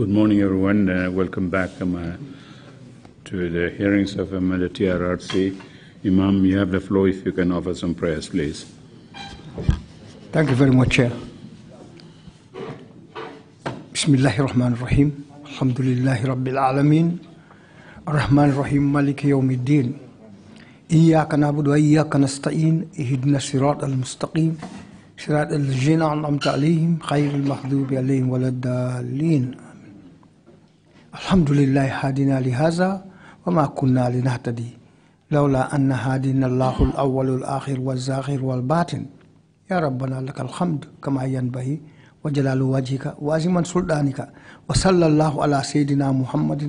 Good morning, everyone. Uh, welcome back um, uh, to the hearings of um, the TRRC. Imam, you have the floor if you can offer some prayers, please. Thank you very much, Chair. Bismillah ar-Rahman ar-Rahim. Alhamdulillahi Rabbil Alameen. Ar-Rahman ar-Rahim Maliki Yawmiddin. إياك نعبد وإياك نستعين اهدنا الصراط المستقيم صراط الذين أنعمت عليهم خير المغضوب عليهم ولا الضالين الحمد لله هادينا لهذا وما كنا لنهتدي لولا أن هادينا الله الأول والآخر والزاخر والباطن يا ربنا لك الحمد كما ينبغي وجلال وجهك وعزم سلطانك وصلى الله على سيدنا محمد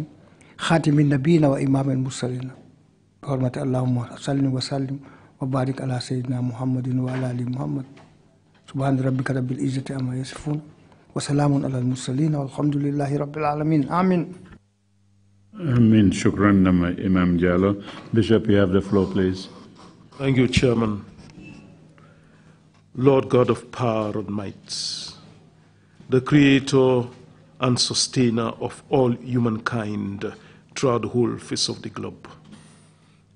خاتم النبيين وإمام المرسلين بحرمة اللهم صل وسلم وبارك على سيدنا محمد وعلى آل محمد سبحان ربك رب العزة عما يصفون وسلام على المرسلين والحمد لله رب العالمين آمين Imam Jalal. Bishop, you have the floor, please. Thank you, Chairman. Lord God of power and might, the creator and sustainer of all humankind throughout the whole face of the globe.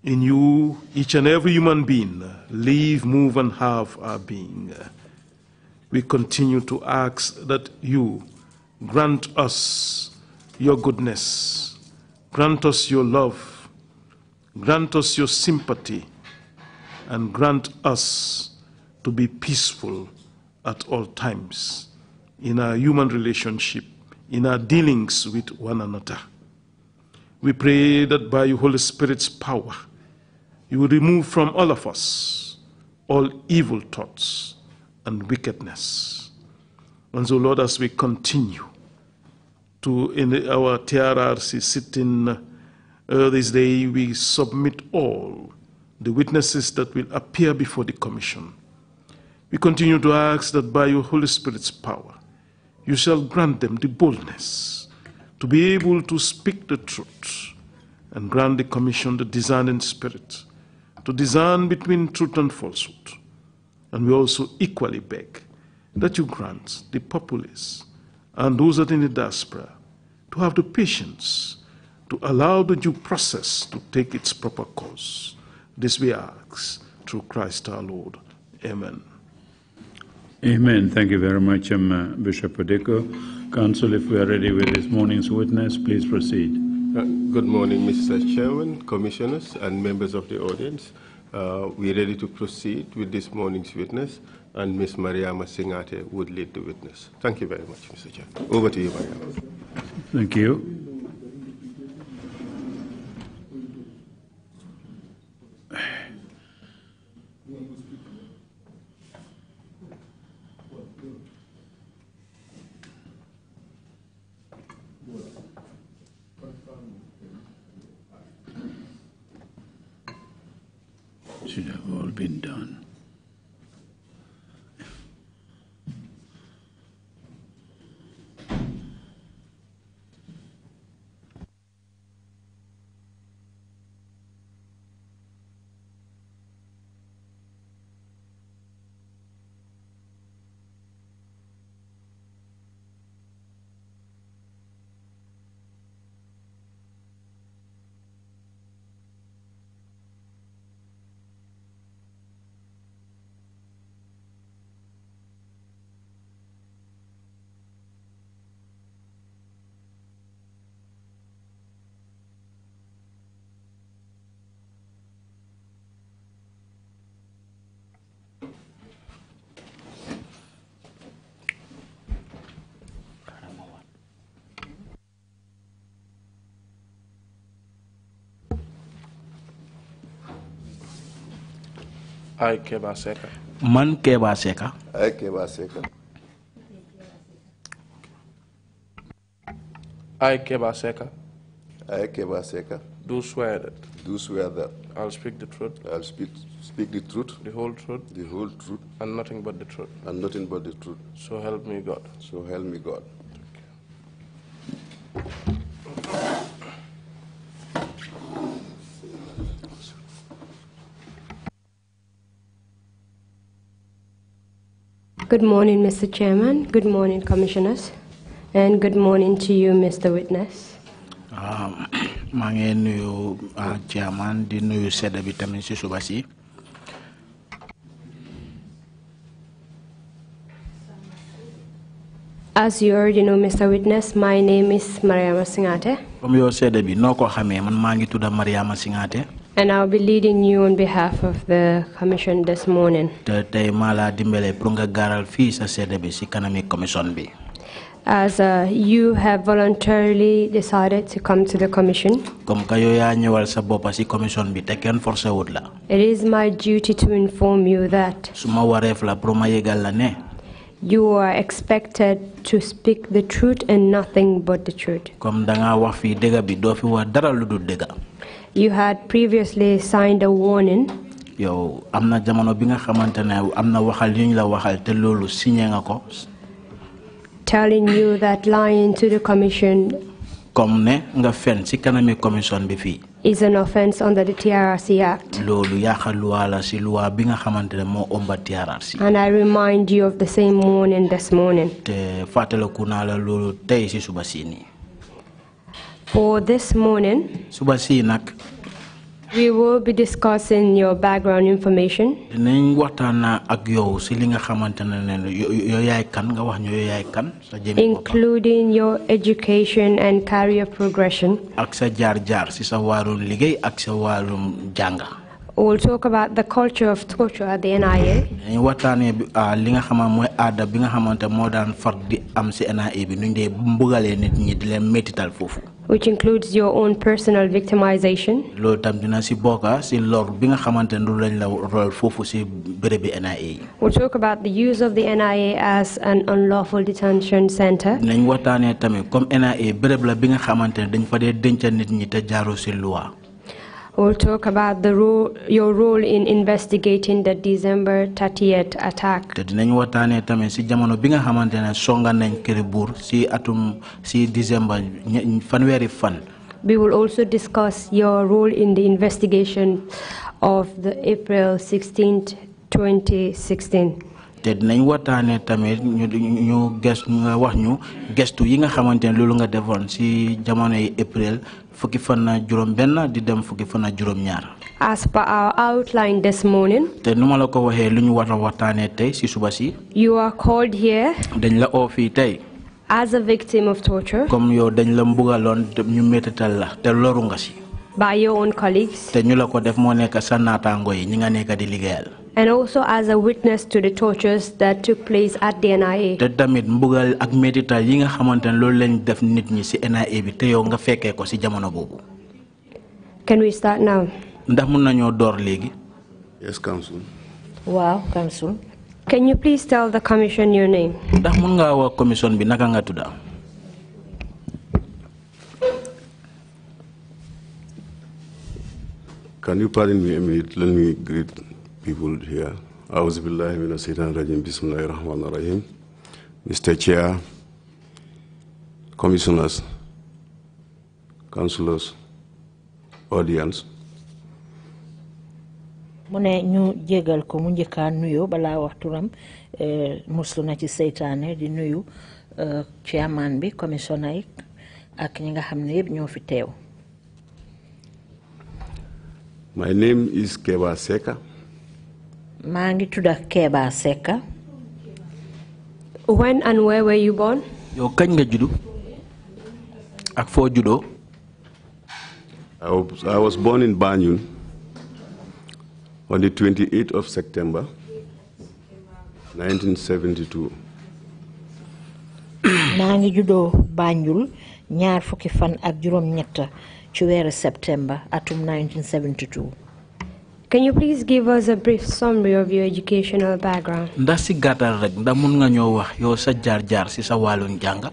In you, each and every human being, live, move, and have our being we continue to ask that you grant us your goodness, grant us your love, grant us your sympathy, and grant us to be peaceful at all times in our human relationship, in our dealings with one another. We pray that by your Holy Spirit's power, you will remove from all of us all evil thoughts and wickedness. And so, Lord, as we continue to in our TRRC sitting uh, this day, we submit all the witnesses that will appear before the Commission. We continue to ask that by your Holy Spirit's power, you shall grant them the boldness to be able to speak the truth and grant the Commission the discerning spirit to discern between truth and falsehood and we also equally beg that you grant the populace and those that are in the diaspora to have the patience to allow the due process to take its proper course. This we ask through Christ our Lord. Amen. Amen. Thank you very much, um, uh, Bishop Odeko. Council, if we are ready with this morning's witness, please proceed. Uh, good morning, Mr. Chairman, commissioners, and members of the audience. Uh, we're ready to proceed with this morning's witness, and Ms. Mariama Singate would lead the witness. Thank you very much, Mr. Chair. Over to you, Mariama. Thank you. been done. I, Keba Seka. Man Keba Seka. I, Keba Seka. I, Keba Seka. I, Keba Seka. Do swear that. Do swear that. I'll speak the truth. I'll speak, speak the truth. The whole truth. The whole truth. And nothing but the truth. And nothing but the truth. So help me God. So help me God. Good morning, Mr. Chairman. Good morning, Commissioners. And good morning to you, Mr. Witness. Um, maa ngi uh, chairman di nuyu sedda bi tamit si As you already know, Mr. Witness, my name is Mariama Singate. comme yow sedda bi noo ko xamee man maa ngi tudda Mariama Singate. And I'll be leading you on behalf of the commission this morning. commission As uh, you have voluntarily decided to come to the commission. commission It is my duty to inform you that. Suma la You are expected to speak the truth and nothing but the truth you had previously signed a warning. yow am na jamono bi nga xamante ne am na waxal yu ñu la waxal te loolu signé nga ko. telling you that lying to the commission. comme ne nga fen ci kanami commission bi fii. is an offence under the TRRC Act. loolu yaaxal luwa la si luwa bi nga xamante ne moo ëmba TRRC. and I remind you of the same warning this morning. te fàttaliku naa la loolu tey si suba si nii. For this morning, we will be discussing your background information. Including your education and career progression we'll talk about the culture of torture at the NIA. ñu waxtaanee ah, li nga xamante mooy aada bi nga xamante moo daan far di am si NIA bi nuñ dee mbugalee nit ñi di leen métital foofu. which includes your own personal victimization. loolu tam dina si bokk si ah, lor bi nga xamante lu lañ la rol foofu si bérébi NIA. we'll talk about the use of the NIA as an unlawful detention center. nañ waxtaanee tamit comme NIA béréb la bi nga xamante ne dañ fa dee denc nit ñi te jaaroo si loi will talk about the role, your role in investigating the December 30th attack. te dinañ jamono bi nga nañ atum fan. We will also discuss your role in the investigation of the April 16th, 2016. té dinañ watané tamit ñu ñu gestu nga wax ñu gestu yi nga xamantene lolu nga devon ci jamono yi april fukki fana juroom benn di dem fukki fana juroom ñaar as pa our outline this morning té numa la ko waxé luñu wara watané tay ci suba ci you are called here dañ la o fi tay as a victim of torture comme yo dañ la mbugalon ñu metetal la té loru nga ci by your own colleagues té ñu la ko def mo nekk sanata ngoy ñi nga nekk di ligéyal and also as a witness to the tortures that took place at the NIA. tamit mbugal ak yi nga lañ def nit ñi ci NIA bi te yow nga ko ci jamono Can we start now? ndax mun door Yes, Council. Wow, Council. Can you please tell the commission your name? ndax mun commission bi naka nga tudda. Can you pardon me a minute? Let me greet people here. Mr. Chair, Commissioners, Councillors, Audience. mu ne ñu jégal ko mu njëkkaa nuyo balaa wax turam eh, muslu ci seytaane di nuyu eh, chairman bi commissioner yi ak ñi nga xam ne yëpp ñoo fi teew. My name is Keba Seka. maa ngi tudd ak Kéba Seck. when and where were you born. yow kañ nga juddu. ak foo juddoo. I was born in Banjul on the 28th of September maa ngi juddoo Banjul ñaar fukki fan ak juróom-ñett ci weeru septembre atum 1972. Can you please give us a brief summary of your educational background? ndax si gàttal rek ndax mun nga ñoo wax yow sa jaar jaar si sa wàllum jàng.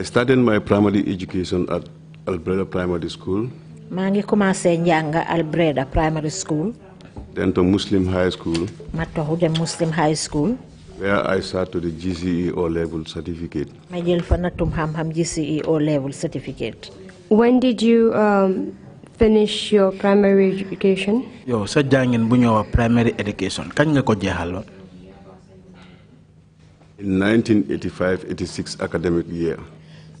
I started my primary education at Albreda Primary School. maa ngi commencé njàng Albreda Primary School. Then to Muslim High School. ma toxu dem Muslim High School. where I sat to the GCE O level certificate. ma jël fa natum xam-xam GCE O level certificate. When did you um, finish your primary education? Yo, sa jangin bu ñoo primary education, kañ nga ko jéxalon? In 1985-86 academic year.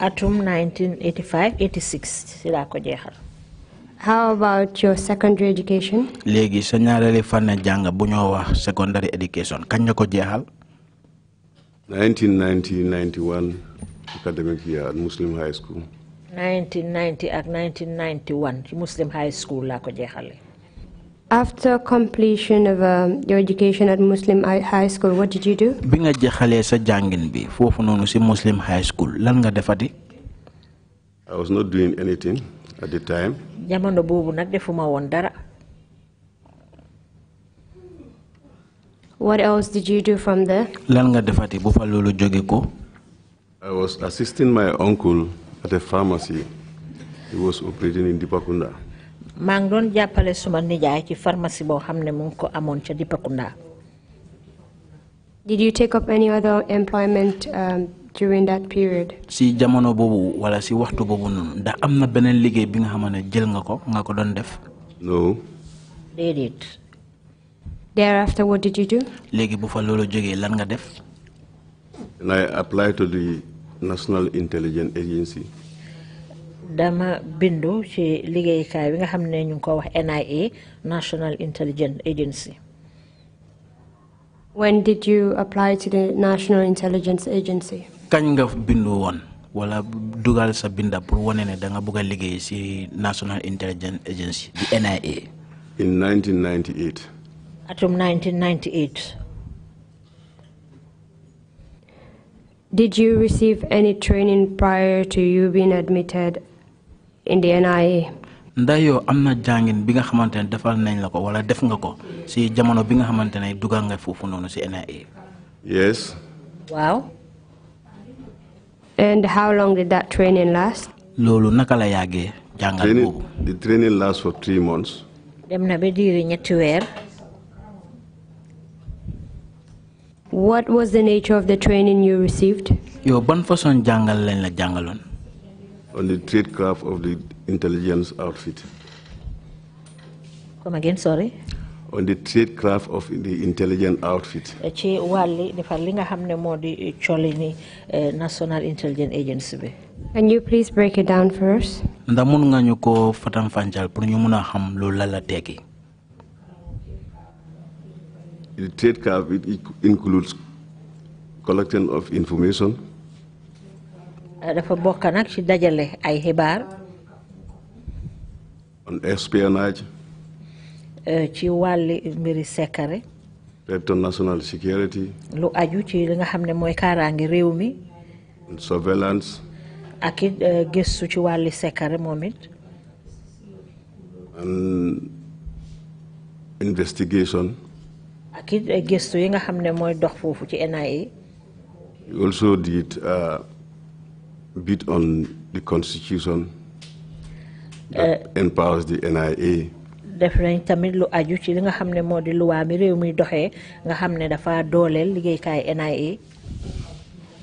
Atum 1985-86 sila ko jéxal. How about your secondary education? Légui sa ñaarali fane jang bu ñoo wax secondary education, kañ nga ko jéxal? 1990-91 academic year at Muslim High School. 1990 ak 1991 ci Muslim High School laa ko jeexale. After completion of um, your education at Muslim High School, what did you do? bi nga jeexalee sa jàngin bi foofu noonu ci Muslim High School lan nga defati. I was not doing anything at the time. jamono boobu nag defuma woon dara. What else did you do from there? lan nga defati bu fa loolu jóge ko. I was assisting my uncle at a pharmacy. He was operating in Dipakunda. maa ngi doon jàppale suma nijaay ci pharmacie boo xam ne Dipakunda. Did you take up any other employment um, during that period. si jamono boobu wala si waxtu boobu noonu ndax am na beneen liggéey bi nga xam ne jël nga def. no. déedéet. thereafter what did you do. léegi bu fa langa jógee def. and I applied to the National Intelligence Agency. dama bindu ci liggéeykaay bi nga xam ne ñu ngi ko wax NIA National Intelligence Agency. when did you apply to the National Intelligence Agency. kañ nga bindu woon wala dugal sa binda pour wane ne da nga liggéey si National Intelligence Agency di NIA. in atum Did you receive any training prior to you being admitted in the NIA? ndax yow am na jàngin bi nga xamante ne defal nañ la ko wala def nga ko si jamono bi nga xamante ne dugal nga foofu noonu si NIA. yes. Wow. and how long did that training last. loolu naka la yàggee jàngal boobu. the training lasts for three months. dem na ba diiri ñetti weer. What was the nature of the training you received? Yo ban façon jangal lañ la jangalon? On the trade craft of the intelligence outfit. Come again, sorry. On the trade craft of the intelligence outfit. Eche wali defar li nga mo di ciolini eh, National Intelligence Agency bi. Can you please break it down for us? Ndamun nga ñu ko fatam fanjal pour ñu mëna xam lu la la tegi the trade curve, includes collection of information. Eh, dafa bokk nag dajale ay xibaar. on espionnage. Eh, ci wàlli mbiri sekkare. national security. Lo aju ci li nga xam ne mooy kaaraange surveillance. ak it eh, gëstu ci wàlli sekkare investigation ak eh, gëstu yi nga dox ci NIA. also did a uh, bit on the constitution that eh, empowers the NIA. def nañ tamit lu aju ci li nga mi nga NIA.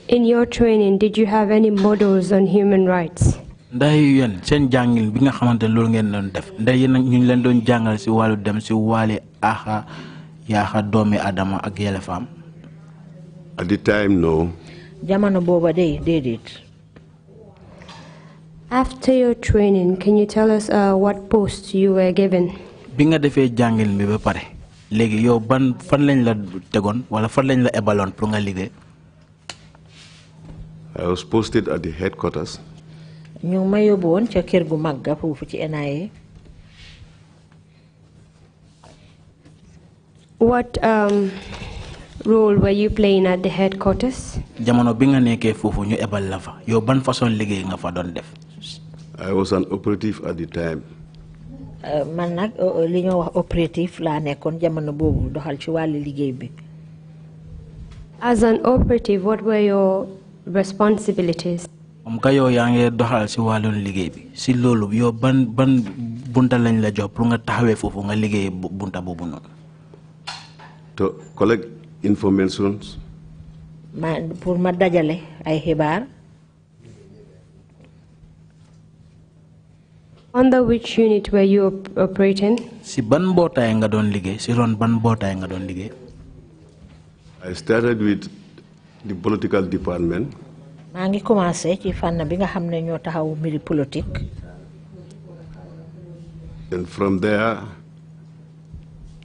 In your training did you have any models on human rights. ndax yéen seen jàngin bi nga xamante ne ngeen doon def ndax ñu leen doon jàngal si wàllu dem yaaxa doomi Adama ak yelefaam. at the time no. jamono booba day déedéet. After your training, can you tell us uh, what posts you were given? bi nga defee jàngil mi ba pare léegi yow ban fan lañ la tegoon wala fan lañ la ebaloon pour nga liggéey. I was posted at the headquarters. ñu ma yóbbu woon ca kër gu mag ga foofu ci NIA. What um, role were you playing at the headquarters? Jamono bi nga nekké fofu ñu ébal la fa. Yow ban façon liggéey nga fa doon def? I was an operative at the time. Uh, man nak uh, uh, li ñoo wax operative la nekkon jamono bobu doxal ci walu liggéey bi. As an operative, what were your responsibilities? Am ka yow yaa ngi doxal ci walu liggéey bi. Si loolu yow ban ban bunta lañ la jox pour nga taxawé fofu nga liggéey bunta bobu noonu. to collect informations. ma pour ma dajale ay xibaar. under which unit were si ban mbootaay nga doon liggéey si ron ban mbootaay nga doon liggéey. I started with the political department. maa ngi commencé ci fànn bi nga xam ne ñoo taxaw mbiri politique. and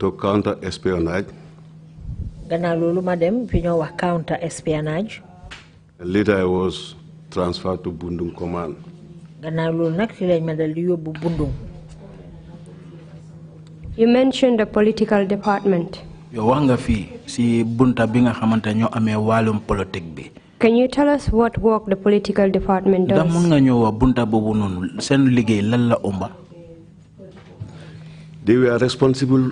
to counter espionage. Ganalulu madem, ma dem fi counter espionage later i was transferred to bundung command Ganalulu loolu nag ci lañ ma dal di bundung you mentioned the political department yo ya wanga fi si bunta bi nga xamante ñoo amee politique bi Can you tell us what work the political department does? They were responsible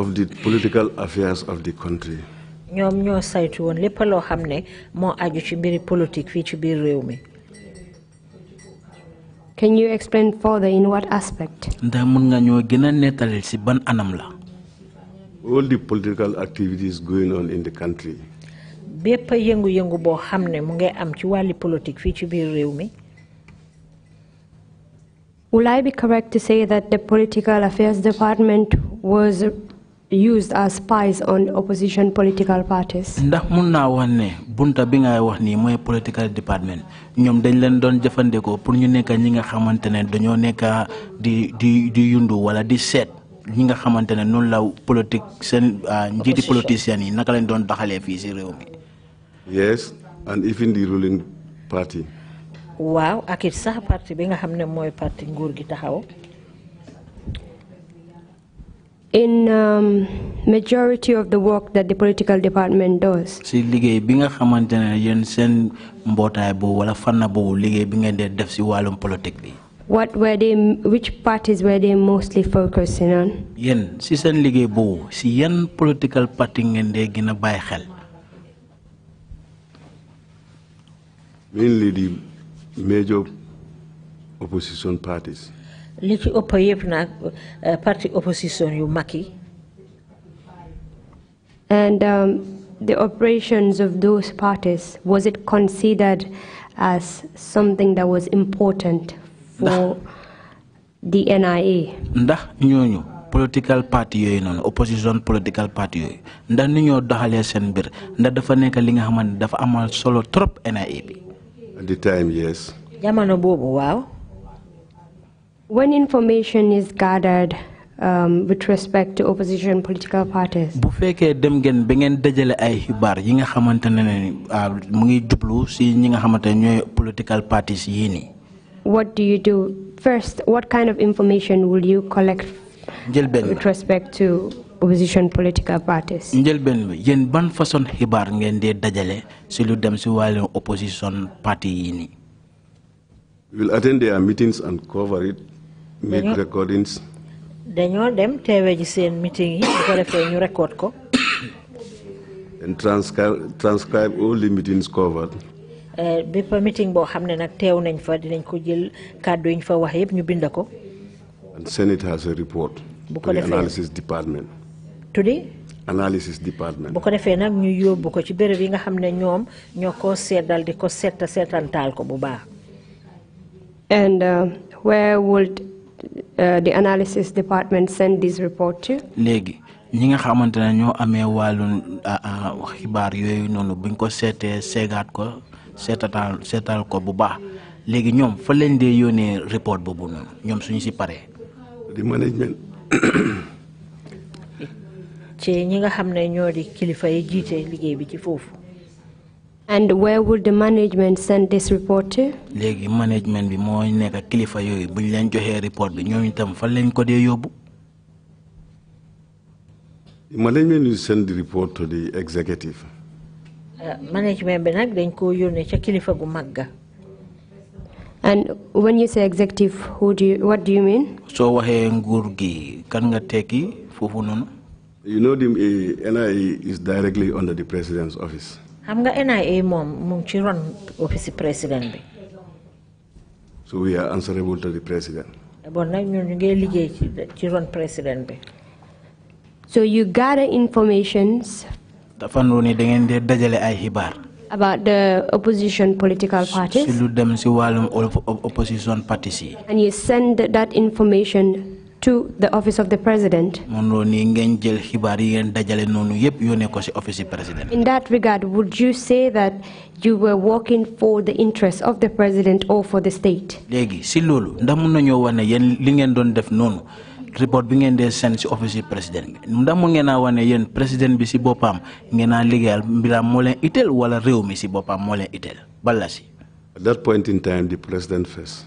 of the political affairs of the country. ñoom ñoo saytu woon lépp loo xam ne moo aju ci mbiri politique fii ci biir réew mi. Can you explain further in what aspect? ndax nga ñoo gën a ban anam la. all the political activities going on in the country. bépp yëngu-yëngu boo xam ne mu ngi am ci wàlli politique fii ci biir réew mi. Would I be correct to say that the Political Affairs Department was used as spies on opposition political parties. ndax mun naa wax ne bunta bi ngay wax nii mooy political department ñoom dañ leen doon jëfandikoo pour ñu nekk ñi nga xamante ne dañoo nekk di di di yundu wala di seet ñi nga xamante ne noonu la politique seen ah, njiiti politiciens yi naka lañ doon doxalee fii si réew mi. yes and waaw ak it sax parti bi nga xam ne mooy parti nguur gi taxaw. in um, majority of the work that the political department does. Si bi nga yéen wala bi ngeen def politique bi. What were they, which parties were they mostly focusing on? Yéen si seen liggéey si yan political party ngeen dee gina a xel. Mainly the major opposition parties. li ci ëpp yëpp nag eh, parti opposition yu mag yi. And um, the operations of those parties, was it considered as something that was important for the NIA? ndax ñooñu political party yooyu noonu opposition political party yooyu ndax ni ñoo doxalee seen mbir ndax dafa nekk li nga xamante dafa amal solo trop NIA bi. at boobu waaw. When information is gathered um, with respect to opposition political parties. bu dem ngeen ngeen dajale ay yi nga ah, mu ngi nga political parties what do you do first what kind of information will you collect. with respect to opposition political parties. njëlbeen yéen ban façon ngeen dajale lu dem opposition we will attend their meetings and cover it. make recordings dañoo dem teewe ji seen meeting yi bu ko defee ñu record ko and transcribe all the meetings covered eh, bépp meeting boo xam ne nag teew nañ fa dinañ ko jël kàddu yi fa wax yëpp ñu bind ko and send bu ko defee analysis department tuddi analysis department bu ko defee nag ñu yóbbu ko ci bërëb yi nga xam ne ñoom ñoo ko seetal di ko seeta seetantaal ko bu baax uh, where would di uh, the analysis department sent this report to. léegi ñi nga xamante ne ñoo amee wàllu ah, ah, xibaar yooyu noonu buñ ko seetee seegaat ko seetataan seetal ko bu baax léegi ñoom fa leen dee yónnee report boobu noonu ñoom suñu si paree. di management. ci ñi nga xam ne ñoo di kilifa yi jiitee liggéey bi ci foofu. and where would the management send this report to léegi management bi moo nekk kilifa yooyu buñ leen joxee report bi ñooñu tam fan lañ ko dee yóbbu management will send the report to the executive euh, management bi nag dañ koo yónnee ca kilifa gu mag and when you say executive who do you, what do you mean So waxee nguur gi kan nga tekki foofu noonu you know the eh, NIA is directly under the president's office xam nga NIA moom mu ngi ci ron office président bi. so we are answerable to the president. bon nag ñun ñu ngi liggéey ci ci ron président bi. so you gather informations. da ngeen di dajale ay xibaar. about the opposition political parties. si lu dem si wàllum opposition parties yi. and you send that information to the office of the president. In that regard, would you say that you were working for the interests of the president or for the state? report bi ngeen dee si office yi président ngeen a wane yéen président bi si boppam ngeen liggéeyal mbiram moo leen itteel wala réew mi si boppam moo leen itteel si. At that point in time, the president first.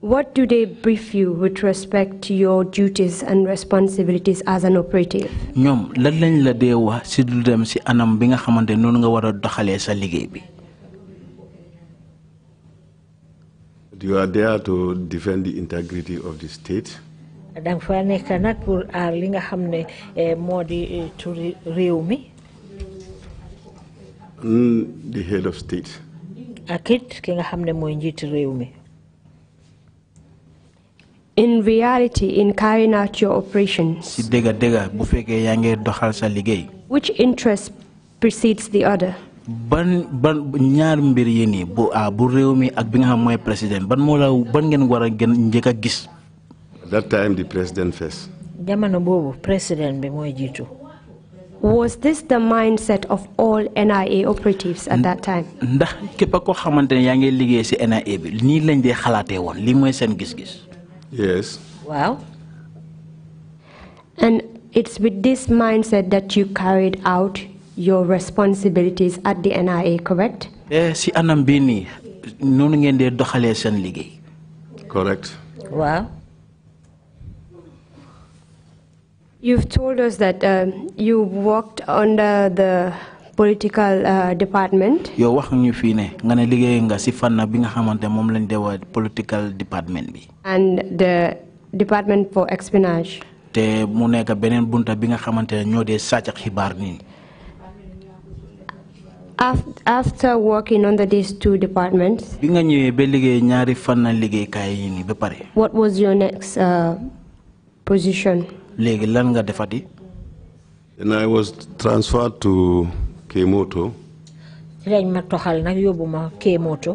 What do they brief you with respect to your duties and responsibilities as an operative? ñoom lan lañ la dee wax ci du dem ci anam bi nga xamante noonu nga sa liggéey You are there to defend the integrity of the state. danga fa nekk nag pour aar li nga xam ne eh, di eh, turi réew mm, the head of state. ak it ki nga xam ne mooy in reality in carrying out your operations. si dëgg dëgg bu fekkee yaa ngi doxal sa liggéey. which interest precedes the other. ban ban ñaar mbir yi nii ah, bu réew mi ak bi nga xam mooy président ban moo la ban ngeen war a gën njëkk a gis. that time the president first. jamono mooy jiitu. Was this the ndax képp koo xamante ne yaa ngi liggéey ci NIA bi nii lañ dee xalaatee woon lii mooy seen gis-gis. Yes. Well, and it's with this mindset that you carried out your responsibilities at the NIA, correct? Yes, eh, si anam bi ni nonu Correct. Well, you've told us that um, you worked under the political uh, department. yow wax ñu fii ne nga ne liggéey nga si fànn bi nga xamante moom lañ de political department bi. and the department for espionage. te mu nekk beneen bunta bi nga xamante ne ñoo dee sàcc xibaar after working under these two departments. bi nga ñëwee ba liggéey ñaari fànn liggéeykaay yi nii ba pare. what was your next uh, position. léegi lan nga defati. and I was transferred to. Kemoto. ci lañ ma toxal nag yóbbu ma Kemoto.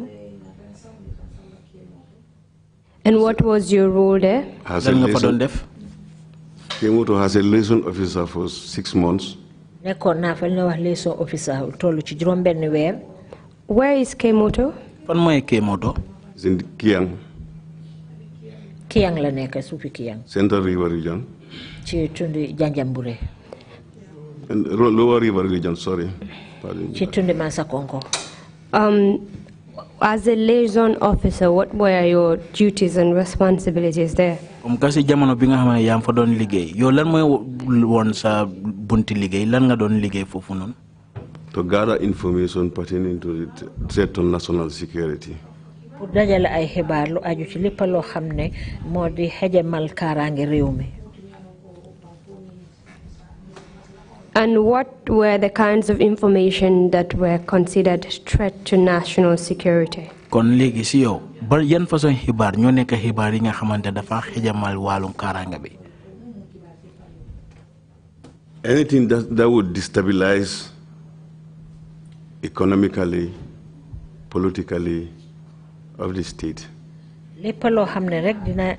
and what was your role there. lan nga fa doon def. Kemoto has a liaison officer for six months. nekkoon naa fa li ñuy wax liaison officer toll ci juróom-benn weer. where is Kemoto. fan mooy Kemoto. is in Kiang. Kiang la nekk suufi Kiang. Central River Region. ci tund Janjanbureh. Lower River region, sorry. Um, as a liaison officer, what were your duties and responsibilities there? Um, kasi jamono bi nga xamane yaam fa doon liggéey yow lan mooy woon sa bunti liggéey lan nga doon liggéey foofu noonu to gather information pertaining to the threat to national security pour dajale ay xibaar lu aju ci lépp loo xam ne moo di xejamal kaaraange rew mi And what were the kinds of information that were considered threat to national security? kon yow ba façon yi nga xamante dafa xejamal bi. anything that, that would destabilize economically, politically of the state lépp loo xam ne rek dina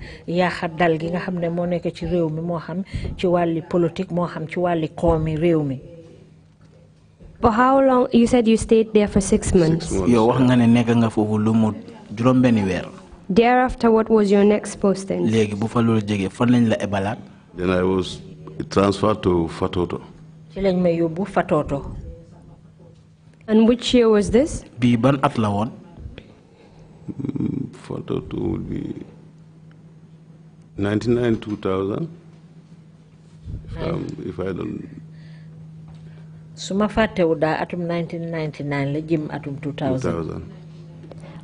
dal gi nga xam ne moo nekk ci réew mi moo xam ci wàlli politique moo xam ci wàlli réew mi. for how long you said you stayed there for six months. yow wax nga ne nekk nga foofu lu mu juróom-benni weer. thereafter what was your next posting. léegi bu fa loolu jege fan lañ la ebalaat. then I was transferred to Fatoto. ci lañ ma yóbbu Fatoto. and which year was this. bii ban at la woon. Mm, one two would be 99 2000 if, um, if I don't. su ma fàttewu atum 1999 la atum 2000.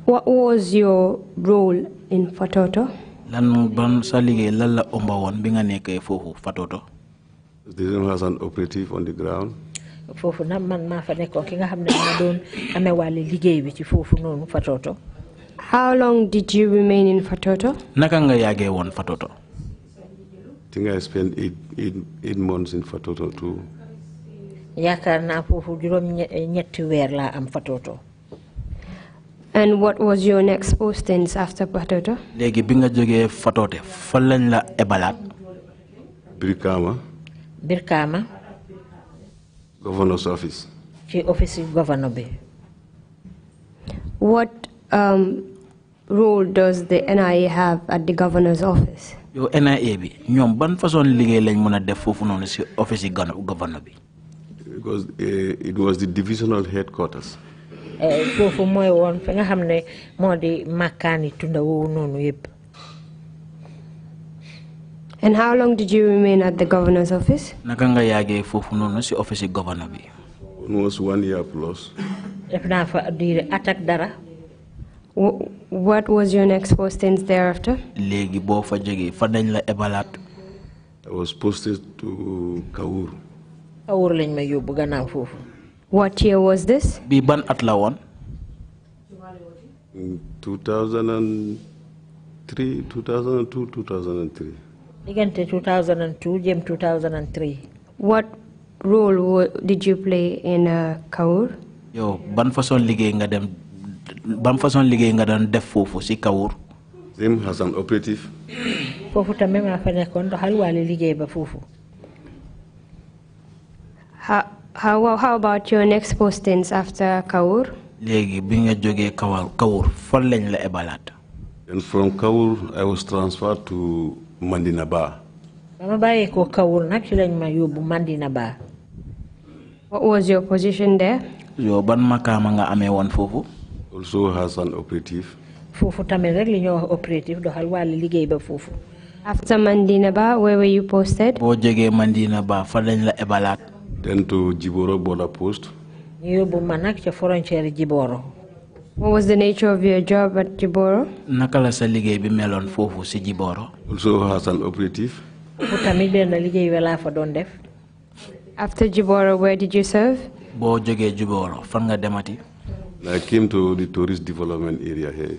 What was your role in Fatoto? lan ban sa liggéey lan la ëmba woon bi nga nekkee foofu Fatoto. did was an operative on the ground. foofu nag man maa fa nekkoon ki nga xam ne maa doon amee wàllu liggéey bi ci foofu noonu Fatoto. How long did you remain in Fatoto? Nakanga nga yagé won Fatoto? I think I spent eight, eight, eight months in Fatoto too. Yakar na fofu juroom ñetti wër la am Fatoto. And what was your next postings after Fatoto? Legi binga nga Fatoto. Fallen la ebalat. Birkama. Birkama. Governor's office. Ci office governor be. What um, role does the NIA have at the governor's office? Your NIA bi ñom ban façon liggéey lañ mëna def fofu nonu ci office governor bi because uh, it was the divisional headquarters eh, fofu moy won fi nga xamne mo di makani tunda wo nonu yeb and how long did you remain at the governor's office naka nga yagé fofu nonu ci office governor bi almost one year plus def na fa diire attaque dara what was your next posting thereafter? léegi boo fa jógee la ebalaat. I was posted to Kaur. Kaur lañ ma yóbbu gannaaw foofu. What year was this? bii ban at la woon. 2003 2002 2003. diggante 2002 jëm 2003. What role did you play in uh, Kaur? Yo ban façon liggéey nga dem. bam façon liggéey nga doon def foofu si Kawur. foofu tamit maa fa nekkoon doxal wàllu liggéey ba foofu. how how how about your next postings after Kawur. léegi bi nga jógee Kawur Kawur fan lañ la ebalaat. and from Kawur I was transferred to Mandina Ba. ba ma Kawur nag ci lañ ma yóbbu Mandina Ba. what was your position there. yow ban makaama nga amee woon foofu. also has an operative. Fufu, tamel rek li ñoo operative doxal walu liggéey ba fufu. After Mandina Ba, where were you posted? Bo jege Mandina Ba, fa lañ la ebalat. Then to Jiboro border post. Ñu yobbu ma nak ci frontière Jiboro. What was the nature of your job at Jiboro? Naka la sa liggéey bi melon fofu si Jiboro? Also has an operative. Fofu tamit ben liggéey wala fa doon def. After Jiboro, where did you serve? Bo Jiboro, fan nga demati? I came to the tourist development area here.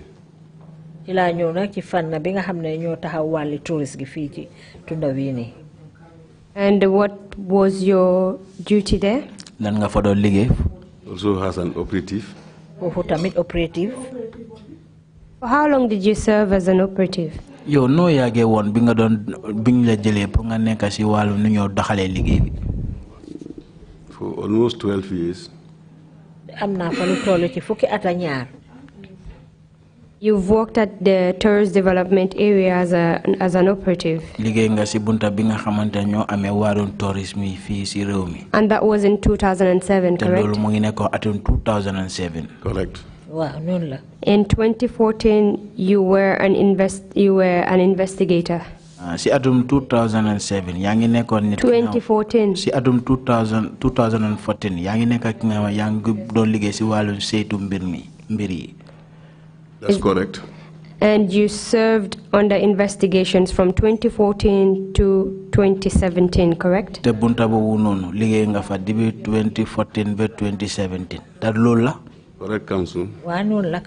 ci laa ñëw benga hamna nyota bi tourist gi fii ci tunda and what was your duty there. lan nga fa also has an operative. foofu tamit operative. how long did you serve as an operative. Yo no yàggee woon bi nga doon bi ñu la jëlee pour nga nekk si wàllu nu ñoo doxalee for almost twelve years fa lu ci fukki ñaar. You've worked at the tourist development area as, a, as an operative. And that was in 2007, correct? 2007. Correct. Wow, In 2014, you were an invest you were an investigator. Ah, si 2007 nit. 2014 si 2014 ak nga doon liggéey mbir mi mbir yi. that's correct. and you served under investigations from 2014 to 2017 correct. te bunta boobu noonu liggéey nga fa 2014 ba 2017 da loolu la. correct counsel. waaw noonu la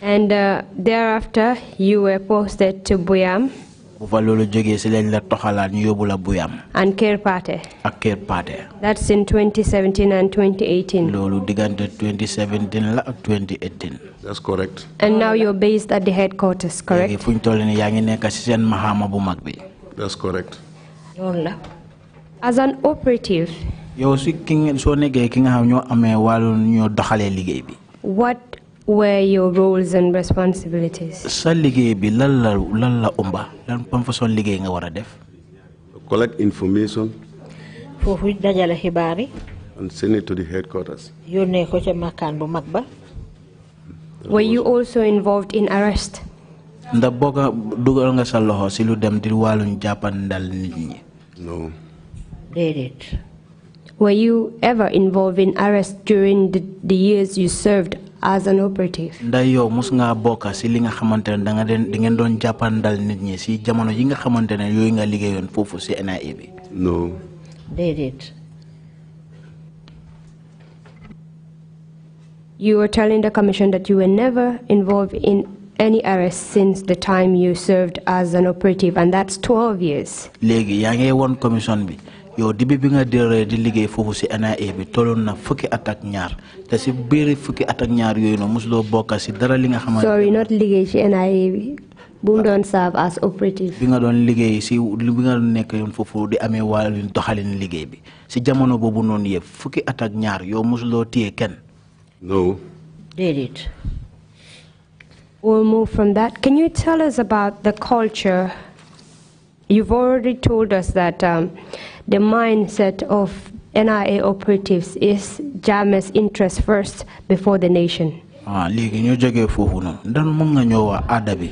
and uh, thereafter you were posted to Buyam fa loolu jógee lañ la toxalaan yóbbu la buyam. and care party. ak Kër Paate. that's in 2017 and 2018. loolu diggante 2017 la ak 2018. that's correct. and now you're based at the headquarters correct. léegi fu ñu toll nii yaa ngi nekk si seen maxaama bu mag bi. that's correct. loolu la. as an operative. yow si ki nga soo nekkee ki nga xam ñoo amee wàllu ñoo doxalee liggéey bi. what were your roles and responsibilities? collect information. for dajale xibaar and send it to the headquarters. were you also involved in arrest? No. Did it? Were you ever involved in arrest during the, the years you served as an operative. ndax yow mos li nga da nga di ngeen nit ñi jamono yi nga nga NIA bi. You were telling the commission that you were never involved in any arrest since the time you served as an operative, and that's 12 years. Legi, yaa ngi commission bi yo dibi bi nga déree di liggéey foofu si NIA bi tolloon na fukki at ak ñaar te si biir fukki at ak ñaar yooyu noonu mosuloo bokka si dara li nga xamante sorry not liggéey si NIA bi. bu mu doon serve as operative. bi nga doon liggéey si li bi nga doon nekk yoon foofu di amee wàllu doxalin liggéey bi si jamono boobu noonu yëpp fukki at ak ñaar yow mosuloo téye kenn. no. déedéet. We'll move from that. Can you tell us about the culture? You've already told us that. Um, the mindset of NIA operatives is Jama's interest first before the nation. Ah, léegi ñu jógee foofu noonu dan mën nga ñëw waa aada bi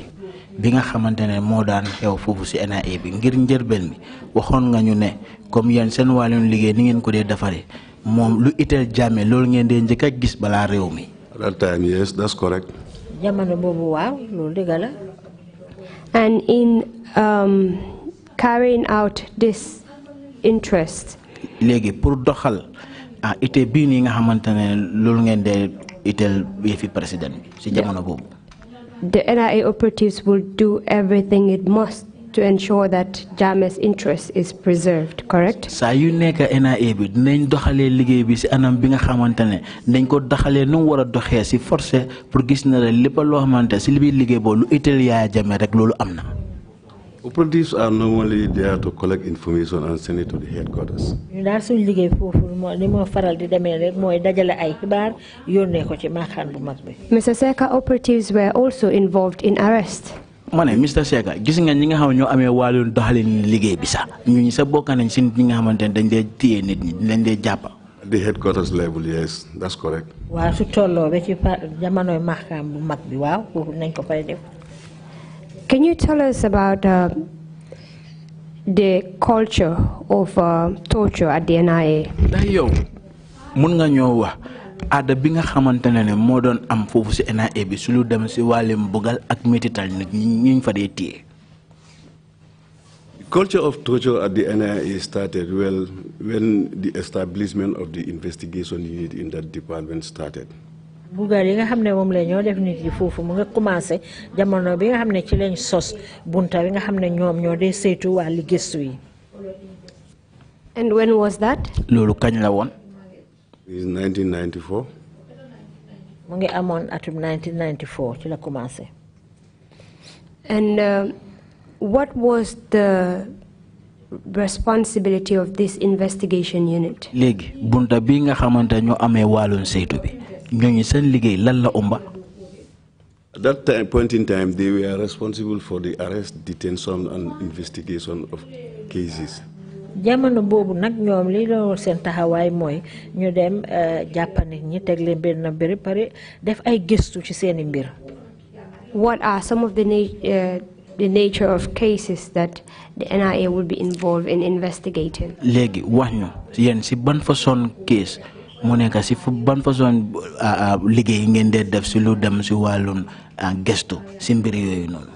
bi nga xamante ne daan xew foofu si NIA bi ngir njëlbeen bi waxoon nga ñu ne comme yéen seen wàllum liggéey ni ngeen ko dee defaree moom lu itteel jàmme loolu ngeen dee njëkk gis balaa réew mi. that time yes that's correct. jamono boobu waaw loolu dëgg la. and in um, carrying out this interest. pour doxal ah, ite nga ngeen de itel président jamono The NIA operatives will do everything it must to ensure that Jammeh's interest is preserved, correct? saa yu nekk NIA bi dinañ doxalee liggéey bi ci anam bi nga ne dañ ko doxalee nu wara war ci forcé pour gis na lépp loo xamante ci liggéey boobu lu itteel rek Operatives are normally there to collect information and send it to the headquarters. liggéey ni faral di rek ay ko ci bu mag bi. Mr Seka operatives were also involved in arrest. Mr Seka gis nga ñi nga xam ñoo amee wàllu doxalin liggéey bi sax ñun sa bokk nañ ñi nga dañ nit ñi dañ jàpp. the headquarters level yes that's correct. su ci bu mag bi waaw nañ ko fay def. Can you tell us about uh, the culture of uh, torture at the NIA? ndax yow mun nga ñoo wax aada bi nga xamante ne moo doon am foofu si NIA bi su lu dem si wàllum bugal ak métital nit ñi ñu fa dee téye. culture of torture at the NIA started well when the establishment of the investigation unit in that department started. bugal yi nga xam ne moom la ñoo def nit yi foofu mu nga commencé jamono bi nga xam ne ci lañ sos bunta bi nga xam ne ñoom ñoo dee saytu wàlli gëstu yi. and when was that. loolu kañ la woon. is mu ngi amoon atum 1994 ci la commencé. and uh, what was the. responsibility of this investigation unit. léegi bunta bi nga xamante ñoo amee wàllum saytu bi. seen liggéey lan la At that time, point in time, they were responsible for the arrest, detention, and investigation of cases. jamono li ñu dem eh, ñi leen pare def ay gëstu ci mbir. What are some of the uh, the nature of cases that the NIA would be involved in investigating? Legi wax ñu yéen si ban case. mu nekk si fu ban façon liggéey ngeen de def si lu dem si wàllum gestu si mbir yooyu noonu.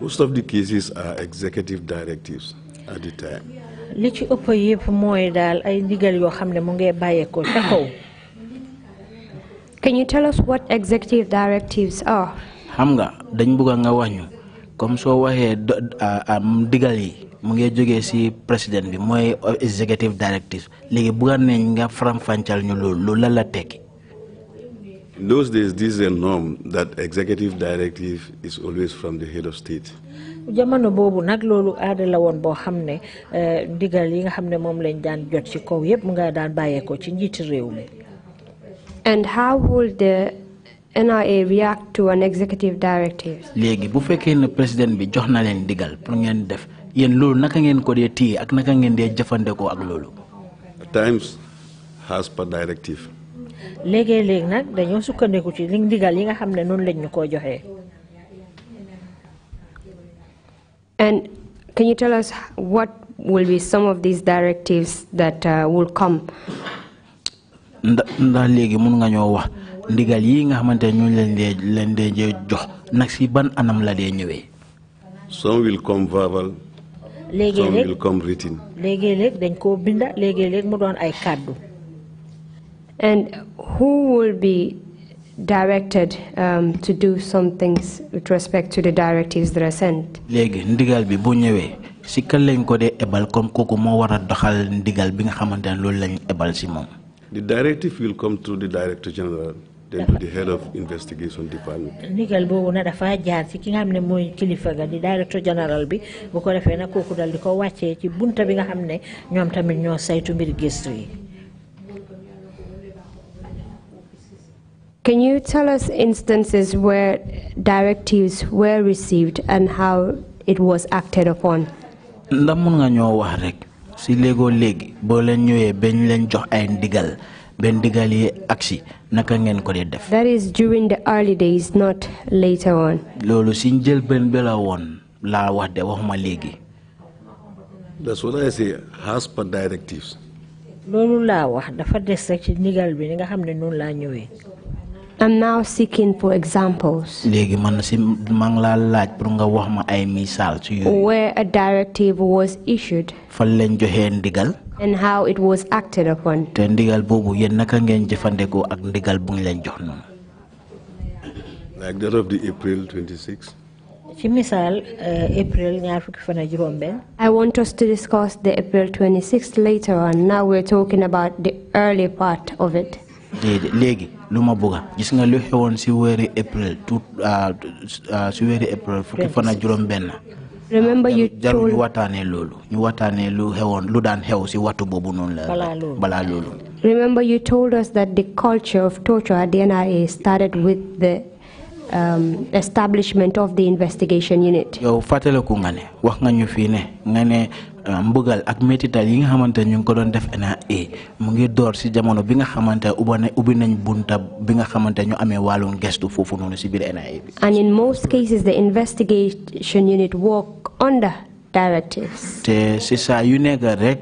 most of the li ci ëpp yëpp mooy daal ay ndigal yoo xam ne mu ngi bàyyeekoo ca kaw. Can you tell us what executive xam nga dañ bëgg nga wax ñu comme soo waxee digal yi. mu ngi jógee si président bi mooy executive directive léegi buggoon nañ nga faram ñu loolu loolu lan la tekki. In those days, this is a norm that jamono boobu nag loolu aada la woon boo xam ne eh, ndigal yi nga xam ne moom lañ daan jot ci kaw yépp mu nga daan bàyyeekoo ci njiiti réew mi. And how would the NRA react to an executive directive? léegi bu fekkee ne président bi jox na leen ndigal pour ngeen def. yéen loolu naka ngeen ko dee téye ak naka ngeen dee jëfandikoo ak loolu. Times has per directive. léegi-léegi nag dañoo sukkandiku ci li ndigal yi nga xam ne noonu lañ ñu koo joxee. and can you tell us what will be some of these directives that uh, will come. ndax léegi mun nga ñoo wax ndigal yi nga xamante ne ñu leen dee leen dee jox nag si ban anam la dee ñëwee. léegi-léeg comme written léegi-léeg dañ koo binda léegi-léeg mu doon ay kàddu and who will be directed um, to do some things with léegi ndigal bi bu ñëwee si kan lañ ko dee ebal comme kooku moo war a doxal ndigal bi nga xamante ne loolu lañ ebal si moom. the directive will come through the director general. then to the head of investigation department général bunta Can you tell us instances where directives were received and how it was acted upon? si ba ndigal naka ngeen ko dee def. that is during the early days not later on. loolu si njëlbeen bi la woon laa wax de waxuma léegi. that's what I say as per directives. loolu la wax dafa des rek ci ndigal bi ni nga xam ne noonu laa i I'm now seeking for examples. Where a directive was issued and how it was acted upon. te ndigal naka ngeen ak ndigal bu jox like that of the April 26. Euh, April I want us to discuss the April 26 later on now we're talking about the early part of it. déedéet gis nga lu April tout euh, euh, April fukki juróom remember you told ñu ñu lu lu daan xew la remember you told us that the culture of torture at the NRA started with the um, establishment of the investigation unit yow nga ne wax nga ñu ne nga ne Euh, mbugal ak métital yi nga xamante ne ñu ngi ko doon def na e. mu ngi door si jamono bi nga xamante ne ubbi nañ ubbi nañ bunta bi nga xamante ñu amee wàllum gestu foofu noonu si biir NIA e bi. and in most cases the investigation unit work under directives. te si saa yu nekk rek.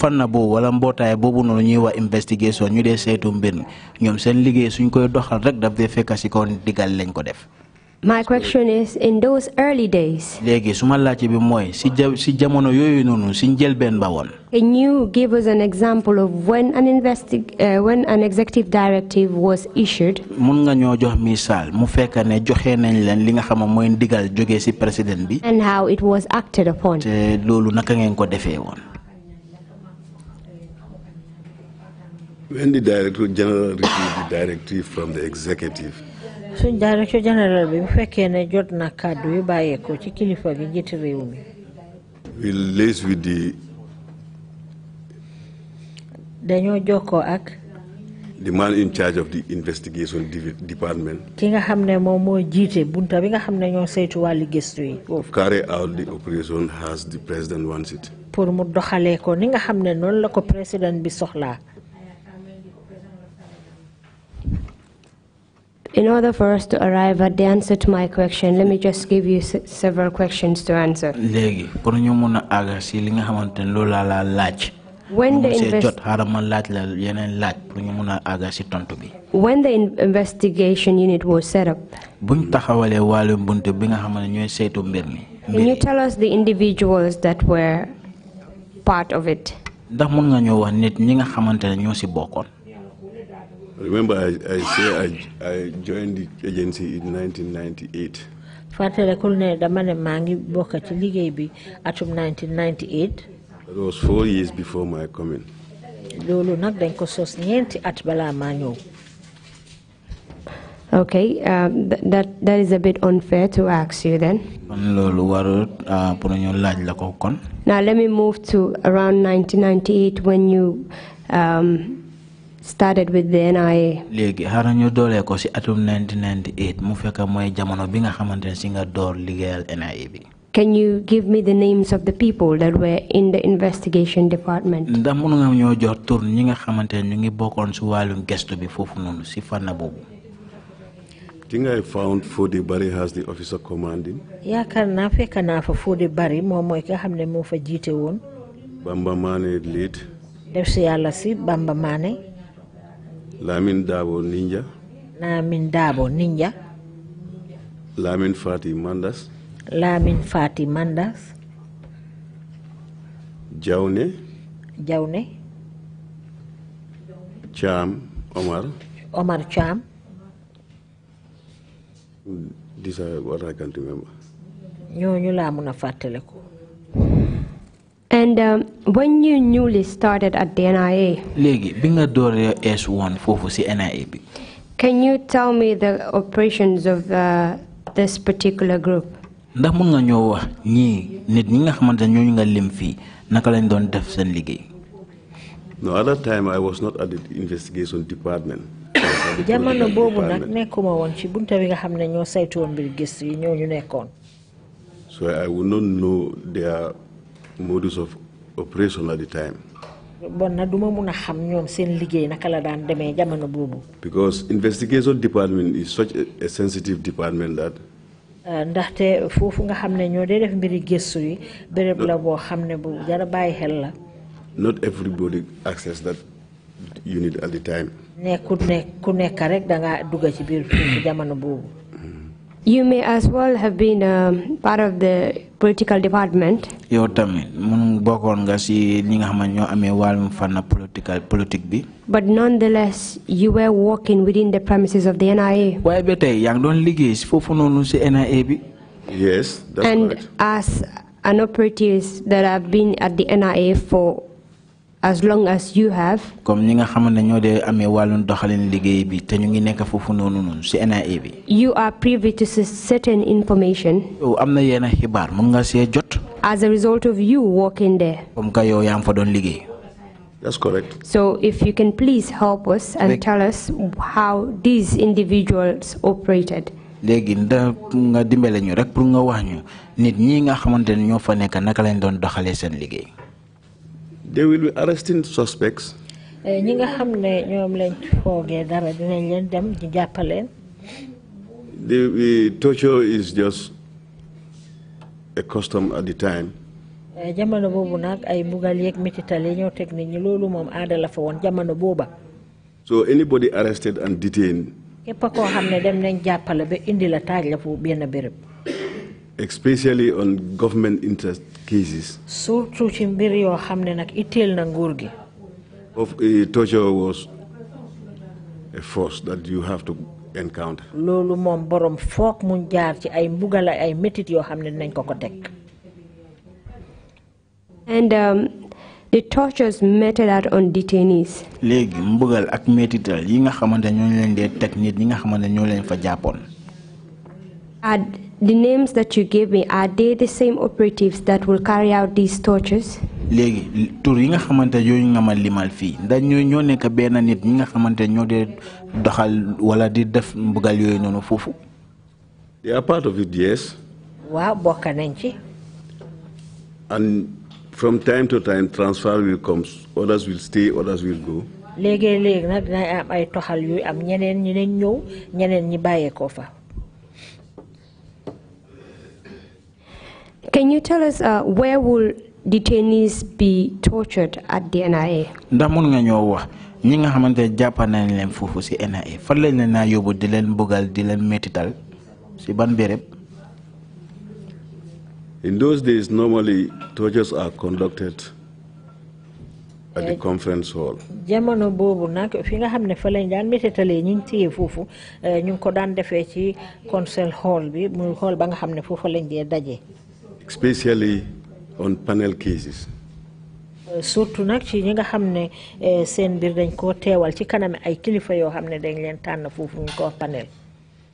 fan na boobu wala mbootaay boobu noonu ñuy wax investigation ñu dee seetu mbir ñoom seen liggéey suñ koy doxal rek daf dee fekk si kaw digal lañ ko def. My question is, in those early days, can you give us an example of when an, investi- uh, when an executive directive was issued? And how it was acted upon? When the Director General received the directive from the executive, suñ directeur général bi bu fekkee ne jot na kàddu yu bàyyeekoo ci kilifa gi njiiti réew mi. we liaise with the. dañoo ak. the man in charge of the investigation department. ki nga xam ne moom mooy jiite bunta bi nga xam ne ñoo saytu wàll gëstu yi. carry out the operation as pour mu doxalee ko ni nga xam ne noonu la ko président bi soxlaa. In order for us to arrive at the answer to my question, let me just give you several questions to answer. When the, invest- when the in investigation unit was set up, can you tell us the individuals that were part of it? Remember, I, I say I, I joined the agency in 1998. 1998. That was four years before my coming. at Okay, um, th that that is a bit unfair to ask you then. Uh, now let me move to around 1998 when you um, started with léegi xaaral ñu doolee ko ci atum 1998 mu fekk mooy jamono bi nga xamante ne ci nga door liggéeyal NIA bi. can you give me the names of the people that were in the ndax mën nga ñoo jox tur ñi nga xamante ne ñu ngi bokkoon ci wàllum gestu bi foofu noonu ci fànn boobu. I think I found Fode Barry as the yaakaar naa fekk naa fa moom mooy nga xam ne moo fa jiite woon. Bamba Mane lead. def si yàlla si Bamba Mane. Lamine Dabo Ninja. Lamine Dabo Ninja. Lamine Fati Mandas. Lamine Fati Mandas. Jawne. Jawne. Thiam Omar. Omar Thiam. These are what I ñooñu laa mun a fàttaliku. and um, when you newly started at the NIA. léegi bi nga door S1 foofu si NIA bi. can you tell me the operations of uh, this particular group. ndax mën nga ñoo wax ñii nit ñi nga xamante ne ñooñu nga lim fii naka lañ doon def seen liggéey. no at that time I was boobu nag nekkuma woon ci bunta bi nga xam ne ñoo saytu woon mbir gis yi ñu nekkoon. modus of operation at the time. Because investigation department is such a, a sensitive department that eh, ndaxte foofu nga xam ne ñoo dee def mbiri gëstu yi béréb la boo xam ne bu jara bàyyi xel la not everybody access that unit at the time ne ku rek da nga ci biir jamono boobu you may as well have been um, part of the political department. si political but nonetheless you were working within the premises of the NIA. si NIA yes that's right. and as an operative that I've been at the NIA for as long as you have. comme ñi nga ñoo doxalin liggéey bi te ñu ngi nekk bi. you are privy to certain information. nga jot. as a result of you working there. comme ka fa doon liggéey. That's correct. So if you can please help us and tell us how these individuals operated. léegi ndax nga ñu rek pour nga wax ñu nit ñi nga fa naka lañ doon seen liggéey. They will be arresting suspects. Eh, ñi The torture is just a custom at the time. Eh, jamono ay mbugal ñoo ñi aada la fa jamono So anybody arrested and detained. képp dem nañ jàppale indi la taaj la fu especially on government interest cases. surtout ci mbir yoo xam ne nag itteel na nguur gi. of eh, torture was a force that you have to encounter. loolu moom boroom foog mu jaar ci ay mbugal ay métit yoo xam ne nañ ko ko teg. and um, the tortures meted out on detainees. léegi mbugal ak métital yi nga xamante ñoo leen dee teg nit ñi nga xamante ñoo leen fa jàppoon. The names that you gave me, are they the same operatives that will carry out these tortures? Legi, tur yi nga xamante yooyu nga ma limal fii ndax ñoo ñoo nekk benn nit ñi nga xamante ñoo dee doxal wala di def mbugal yooyu noonu foofu. they are part of it yes. waaw bokk nañ ci. and from time to time transfer will come others will stay others will go. léegi léegi nag dinañ am ay toxal yu am ñeneen ñeneen ñëw ñeneen ñi bàyyeekoo fa. Can you tell us uh, where will detainees be tortured at the NIA? ndax mun nga ñoo wax ñi nga xamante ne jàpp nañ leen foofu si NIA fan lañ leen naa yóbbu di leen mbugal di leen métital si ban béréb. In those days, normally tortures are conducted at the eh, conference hall. jamono boobu nag fi nga xam ne fa lañ daan métitalee ñu ngi téye foofu eh, ñu ngi ko daan defee ci council hall bi muy hall ba nga xam ne foofu lañ dee daje. especially on panel cases. Eh, surtout nag ci ñi nga xam eh, seen mbir dañ koo teewal ci kanam ay kilifa yoo xam dañ leen tànn foofu ñu ko panel.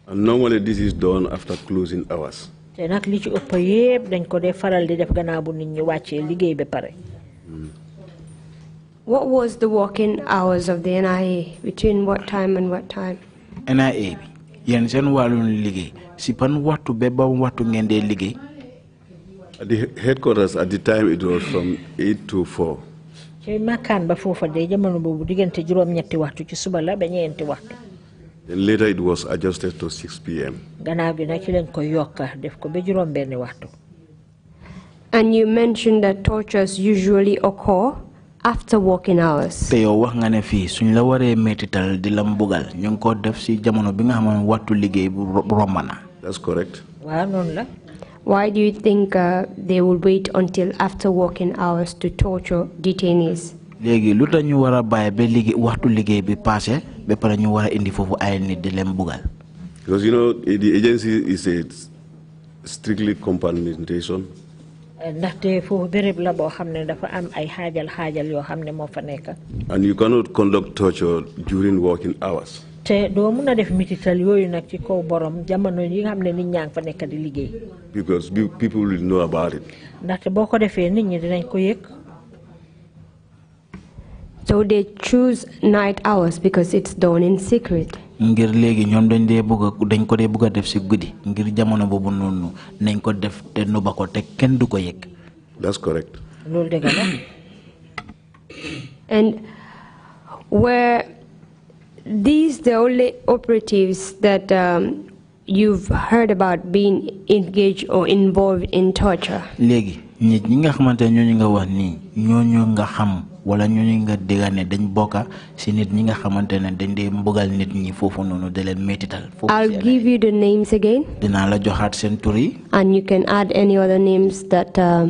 and normally this is done after closing hours. te nag li ci ëpp yëpp dañ ko dee faral di def gannaaw bu nit ñi wàccee liggéey ba pare. Hmm. What was the working hours of the NIA between what time and what time? NIA bi yéen seen wàllum liggéey si ban waxtu ba waxtu ngeen liggéey. The headquarters at the time it was from 8 to 4. ci Then later it was adjusted to 6 p.m. And you mentioned that tortures usually occur after working hours. métital jamono that's correct. la. Why do you think uh, they will wait until after working hours to torture detainees? lu waxtu bi passé pare ñu indi ay nit di bugal. because you know the agency is a strictly compensation. ndaxte la dafa am ay fa nekk. and you cannot conduct torture during working hours. te ɗoo mun a def mititel yooyu nag ci kaw borom jamono yi nga xam ne nit ñaa ngi fa nekk di liggéey ndaxte boo ko defee nit ñi dinañ ko yëg ngir léegi ñoom dañ dee bugg a dañ ko dee bugg a def si guddi ngir jamono boobu noonu nañ ko def te nuba ko te kenn du ko yëg loolu dégg la these the only operatives that um, you've heard about being engaged or involved in torture? Legi, nit ñi nga xamante ne ñooñu nga wax nii ñooñu nga xam wala ñooñu nga dégga ne dañ bokka si nit ñi nga xamante dañ dee mbugal nit ñi foofu noonu da leen métital. I'll give you the names again. dinaa la joxaat seen tur yi. and you can add any other names that. Uh,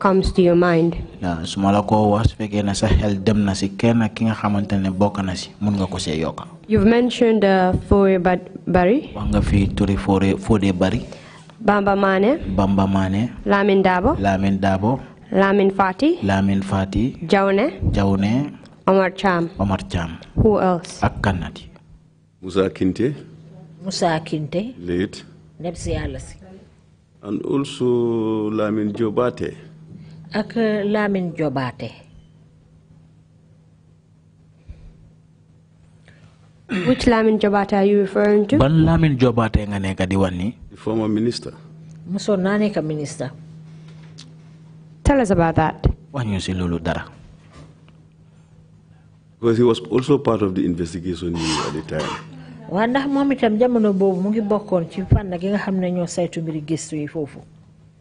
comes to your mind. waaw su ma la ko wax su fekkee ne sa xel dem na si kenn ki nga xamante ne bokk na si mun nga ko se yokka. you've mentioned uh, Fodé Barry. wax nga fi turi Fodé Fodé Barry. Bamba Mané. Bamba Mané. Lamine Dabo. Lamine Dabo. Lamine Fati. Lamine Jawne. Jawne. Omar Cham. Omar Cham. Who else? ak kanati. Musa Kinte. Alasi. ak Lamine Jobaate Which Lamin Jobate are you referring Ban Lamin Jobate nga nekk di wax nii. The former minister. naa nekk minister. Tell us about that. Wax ñu si dara. Because Waa ndax moom itam jamono boobu mu ngi bokkoon ci fànn gi nga xam ne ñoo saytu mbiri gëstu yi foofu.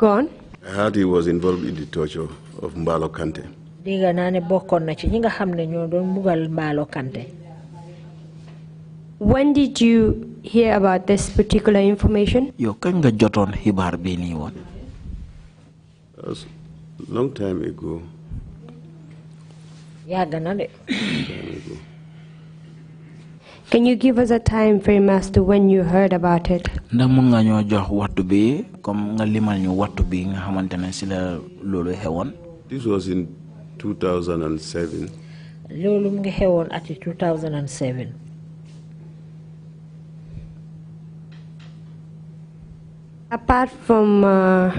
heard he was involved in the torture of Mbalo Kante. When did you hear about this particular information? yow long time ago. yàgg na de. Can you give us a time frame as to when you heard about it? ndax mun nga ñoo jox waxtu bi comme nga limal ñu waxtu bi nga xamante ne la loolu xewoon. This was in 2007. loolu mu ngi xewoon ati 2007. Apart from uh,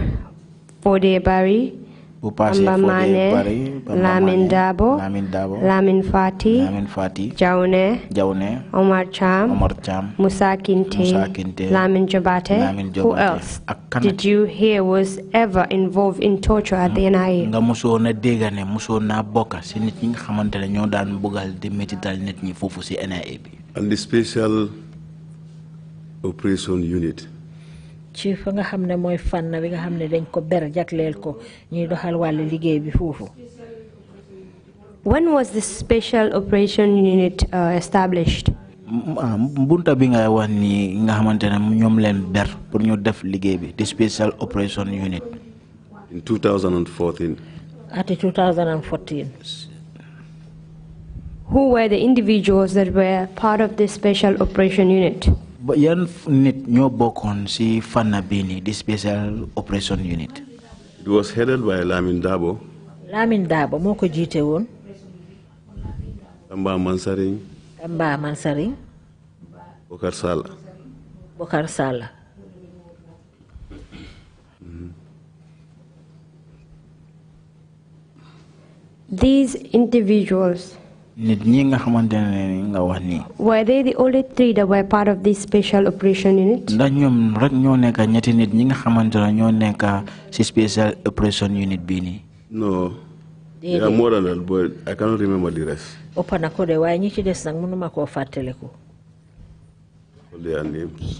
Fode Barry, bu passé Ambamane, Bari, Lamin Dabo, Lamin Laminfati, Fati, Jaune, Jaune, Omar Cham, Omar Cham, Musa Kinte, Musa Kinte Lamin Jabate. Lamin Jabate. Who else did you hear was ever involved in torture at the NIA? Nga muso na dega muso na boka si nit ñi xamantene ñoo daan bugal di metital nit ñi fofu ci NIA bi. And the special operation unit ci fa nga xam ne mooy fànn nga xam dañ ko ber jagleel ko ñuy doxal wàllu liggéey bi foofu. when was the special operation unit uh, established. Ah, mbunta bi nga wax ni nga xamante ne leen ber pour ñu def liggéey bi the special operation unit. in 2014. At 2014. who were the individuals that were part of this special operation unit ba yan nit ñoo bokkoon ci fànna bii nii di special operation unit. it was headed by Lamin Dabo. Lamin Dabo moo ko jiite woon. Tamba Mansariñ. Tamba Mansariñ. Bokar Sala. Bokar Sala. These individuals nit ñi nga xamante ne ni nga wax nii. were they the only three that were part of this special operation unit. ndax ñoom rek ñoo nekk ñetti nit ñi nga xamante ne ñoo nekk ci special operation unit bii nii. non. there are more but I cannot remember the rest. ëpp na ko de waaye ñi ci des nag mënuma koo fàttaliku. their names.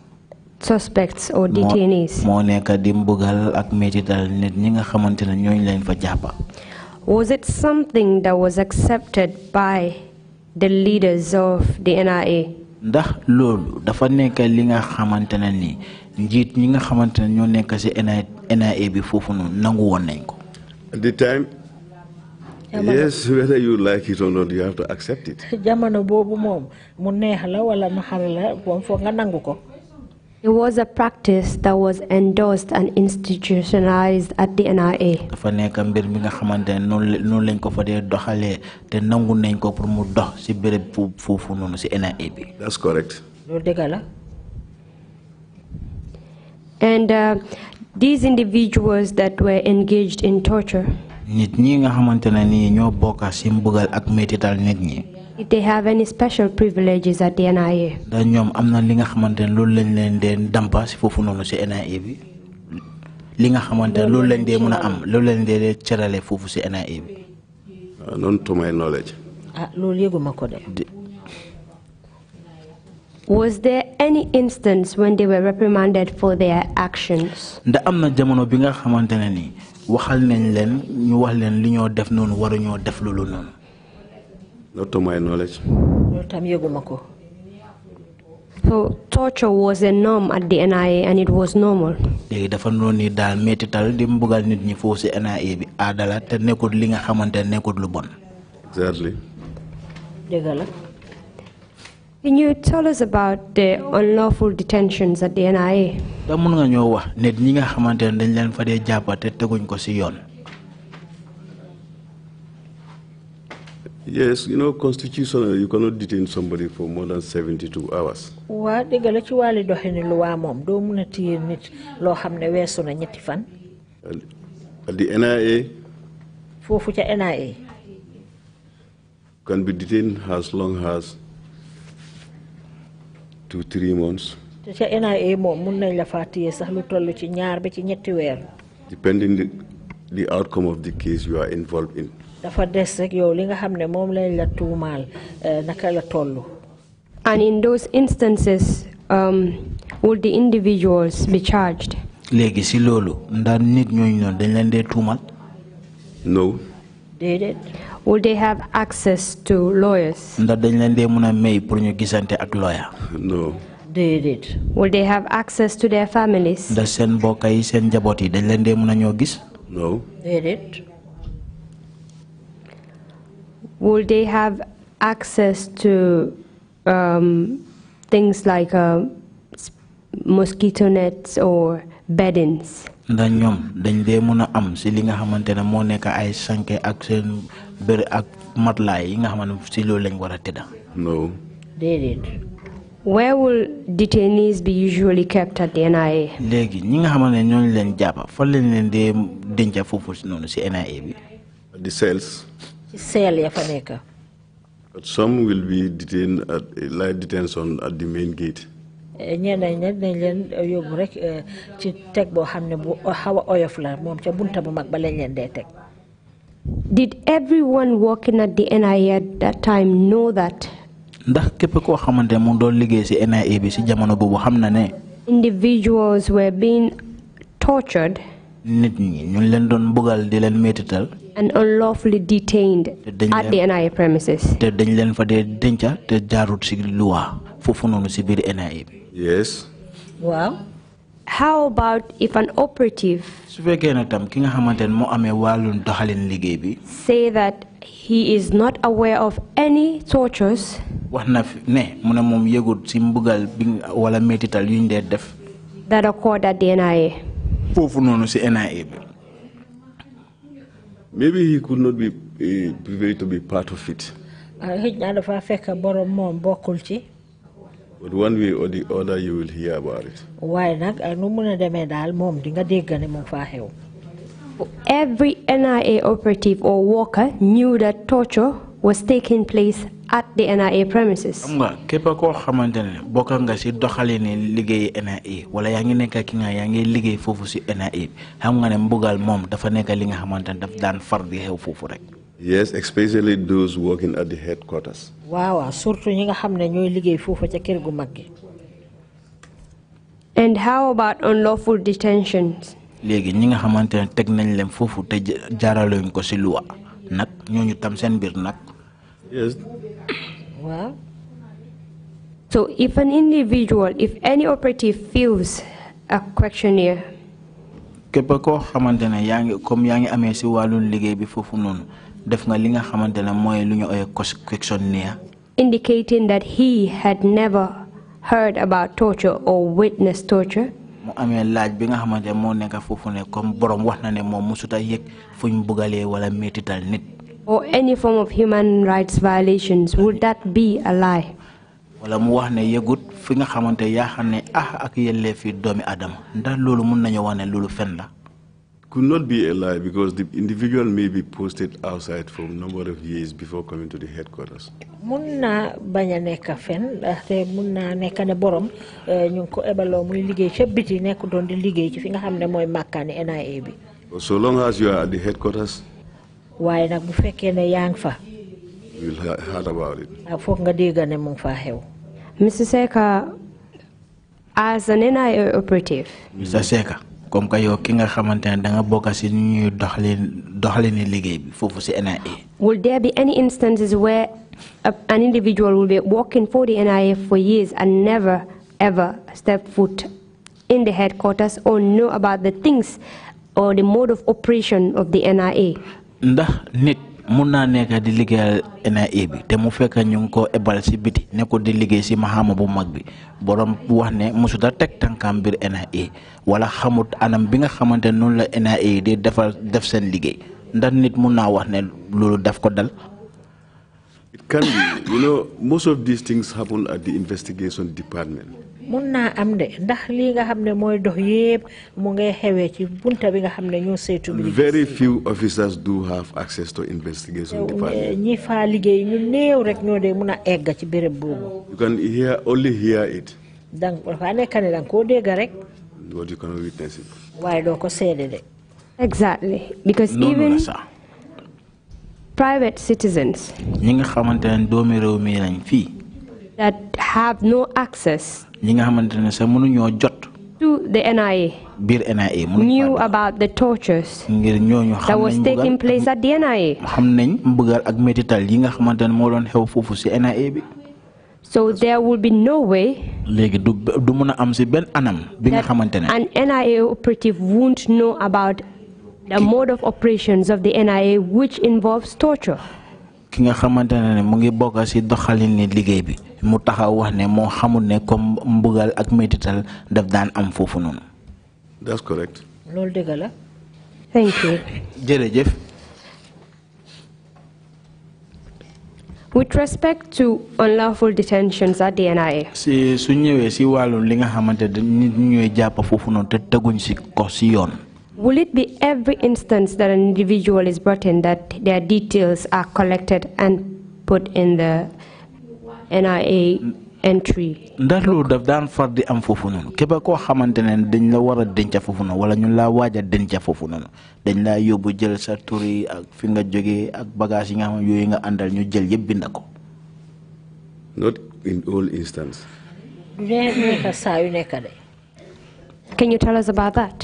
suspects or detainees. Was it something that was accepted by the leaders of the NIA? ndax loolu dafa nekk li nga xamante ni njiit ñi nga xamante ñoo nekk ci NIA bi foofu noonu nangu nañ ko. At the time. yes whether you like it or not you have to accept it. jamono boobu moom mu neex la wala mu la moom foog nga nangu ko. It was a practice that was endorsed and institutionalized at the NIA. that's correct. and uh, these individuals that were engaged in torture. nit ñi nga ñoo bokk ak nit ñi if they have any special privileges at the NIA. da li nga loolu lañ leen NIA bi li nga loolu lañ am loolu lañ cërale NIA bi. Ah, non to my knowledge. ah loolu yëguma ko de. Was there any instance when they were reprimanded for their actions? jamono bi nga ni waxal nañ leen ñu wax leen li ñoo def noonu waruñoo def loolu noonu. Not to my knowledge. So torture was a norm at the NIA and it was normal. léegi dafa noonu ni daal métital di mbugal nit ñi foofu si NIA bi aada la te nekkul li nga xamante ne lu bon. exactly. dëgg la. Can you tell us about the unlawful detentions at the NIA? da mun nga ñoo wax nit ñi nga xamante ne dañ leen fa dee jàpp te teguñ ko si yoon. Yes, you know, constitutional, you cannot detain somebody for more than 72 hours. Wa diga la ci walu doxene loi mom do mëna tiyé nit lo xamné wessu na ñetti fan. The NIA fofu ca NIA can be detained as long as two three months. Te ca NIA mom mën nañ la fa tiyé sax lu tollu ci ñaar ba ci ñetti wër. Depending the, the outcome of the case you are involved in. dafa des rek yow li nga xam ne moom lañ la tuumaal eh, naka la toll. and in those instances um, would the individuals be charged. léegi si loolu ndax nit ñooñu noonu dañ leen dee tuumal. no. déedéet. would ndax dañ leen dee mun a may pour ñu gisante ak lawyer. no. déedéet. would they ndax seen mbokk yi seen njaboot yi dañ leen dee mun a ñoo gis. will they have access to um, things like uh, mosquito nets or beddings? ñoom dañ dee mën a am si li nga xamante ne moo nekk ay sànke ak seen ak yi nga xamante si loolu lañ war a tëdda. no. déedéet. where will detainees be usually kept at the NIA. léegi ñi nga xamante ne leen fan lañ leen dee denca foofu noonu si NIA bi. the cells ci seel ya fa nekk. some will be detained at light detention at the main gate. leen yóbbu rek ci teg boo xam ne bu xaw a oyof la moom ca bunta bu mag ba lañ leen dee teg. Did everyone working at the NIA at that time know that? ndax képp koo xamante mu doon liggéey NIA bi jamono boobu xam na ne. Individuals were being tortured. nit ñi leen doon bugal di leen and unlawfully detained at the NIA premises. si NIA yes. Well, how about if an operative. say that he is not aware of any tortures. that occurred at the NIA. si NIA Maybe he could not be uh, to be part of it. But one way or the other, you will hear about it. Why not? I know Every NIA operative or worker knew that torture was taking place at the NIA premises. nga képp ko xamantene ne bokk nga si doxalini liggéey NIA wala ya ngi nekk ki nga ya ngi liggéey fofu ci NIA xam nga ne mbugal mom dafa nekk li nga xamantene daf daan far di xew fofu rek. yes especially those working at the headquarters. Wow, surtout ñi nga xamne ñoy ñooy liggéey foofu kër gu maggi. and how about unlawful detentions. léegi ñi nga xamantene tek nañ leen fofu te jaaraloñ ko ci loi. Nak ñoñu tam seen bir nak Well, so if an individual, if any operative fills a questionnaire. képp koo xamante ne comme yaa ngi amee si liggéey bi def nga li nga questionnaire. indicating that he had never heard about torture or witnessed torture. laaj bi nga nekk ne comme borom wax na ne musuta fuñ wala métital nit or any form of human rights violations would that be a lie wax ne yëgut fi nga xamante ah ak fi doomi nañu la could not be a lie because the individual may be posted outside for a number of years before coming to the headquarters. borom eh, ñu ko muy liggéey biti doon di liggéey ci fi nga NIA bi. so long as you are at the headquarters waaye nag bu fekkee ne yaa ngi fa. we heard about it. ak foog nga dégg ne mu ngi faa xew. Mr Seka as an NIA operative. Mr Seka comme que yow ki nga xamante ne da nga bokk si ñuy doxalin doxalini liggéey bi foofu si NIA. will there be any instances where an individual will be working for the NIA for years and never ever step foot in the headquarters or know about the things or the mode of operation of the NIA. ndax nit mun naa nekk di liggéeyal NIA bi te mu fekk ñu ngi ko ebal si biti ne ko di liggéey si maxaama bu mag bi borom wax ne mosut teg tànkaam biir NIA wala xamut anam bi nga xamante noonu la NIA di defal def seen liggéey ndax nit mun naa wax ne lu loolu def ko dal Can be. you know, most of these things happen at the investigation department. mun amde, am de ndax lii nga xam ne mooy dox yëpp mu ngay xewee ci bunta bi nga xam ne ñoo bi very few officers do have access to investigation department ñi faa liggéey ñu néew rek ñoo dee mun egg ci béréb boobu you can hear only hear it dang dafa nekk ne dang koo dégg rek what you can witness it waaye doo ko seede de exactly because even private citizens that have no access to the NIA knew about the tortures that was taking place at the NIA So there will be no way that an NIA operative won't know about a mode of operations of the NIA which involves torture. ki nga ne mu ngi ci doxalin ni bi mu taxaw wax ne xamul ne comme mbugal ak métital daf daan am that's correct. la. thank you. With respect to unlawful detentions at the NIA. si su li nga nit jàpp te teguñ ko yoon. Will it be every instance that an individual is brought in that their details are collected and put in the NIA entry? That would have done for the am Kebako noonu képp koo xamante ne dañ la war a denc foofu noonu wala ñu laa waaj a denc foofu noonu dañ laa jël sa àndal ñu jël not in all instances. Can you tell us about that?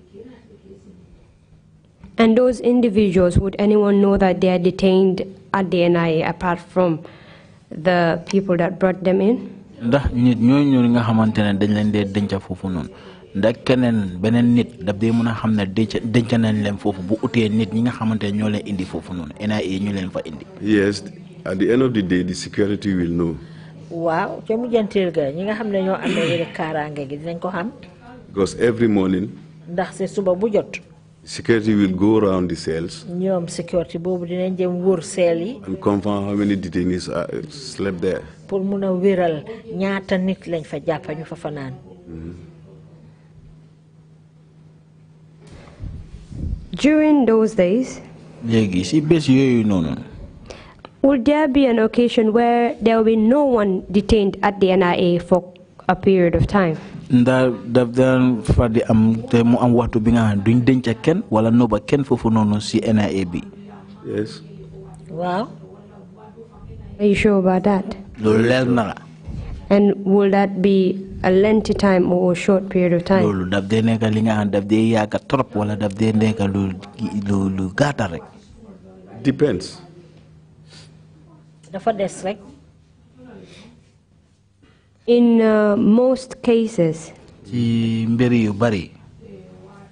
And those individuals, would anyone know that they are detained at the NIA apart from the people that brought them in? ndax nit ñooñu ñoo nga xamante ne dañ leen dee denc foofu noonu ndax keneen beneen nit daf dee mën a xam ne denc nañ leen foofu bu utee nit ñi nga xamante ne ñoo leen indi foofu noonu NIA ñu leen fa indi. yes at the end of the day the security will know. waaw ca mujjanteel ga ñi nga xam ne ñoo amee yële kaaraange gi dinañ ko xam. because every morning. ndax si suba bu jot. Security will go around the cells. ñoom security boobu dinañ dem wër seel yi. and confirm how many detainees uh, slept there. pour mun a wéral ñaata nit lañ fa jàppañu ñu fa fanaan. During those days. léegi si bés yooyu noonu. Would there be an occasion where there will no one detained at the NIA for a period of time? nda daf dan fadi am te mu am waxtu bi nga xam duñ denc ken wala nooba ken fofu nonu si NIA bi. yes. wow Are you sure about that? loolu leer na And will that be a lengthy time or a short period of time? lolou daf de nekk li nga daf de yaaka trop wala daf de nekk lu lu lu gata rek. depends. dafa dess rek. In uh, most cases.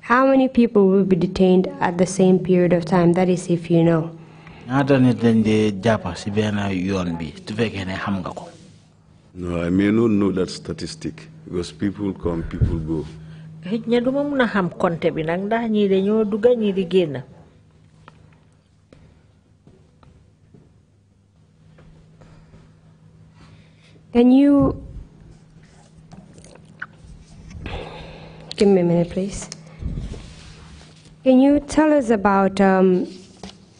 How many people will be detained at the same period of time? That is if you know. No, I may not know that statistic because people come, people go. Can you Give me a minute, please. Can you tell us about um,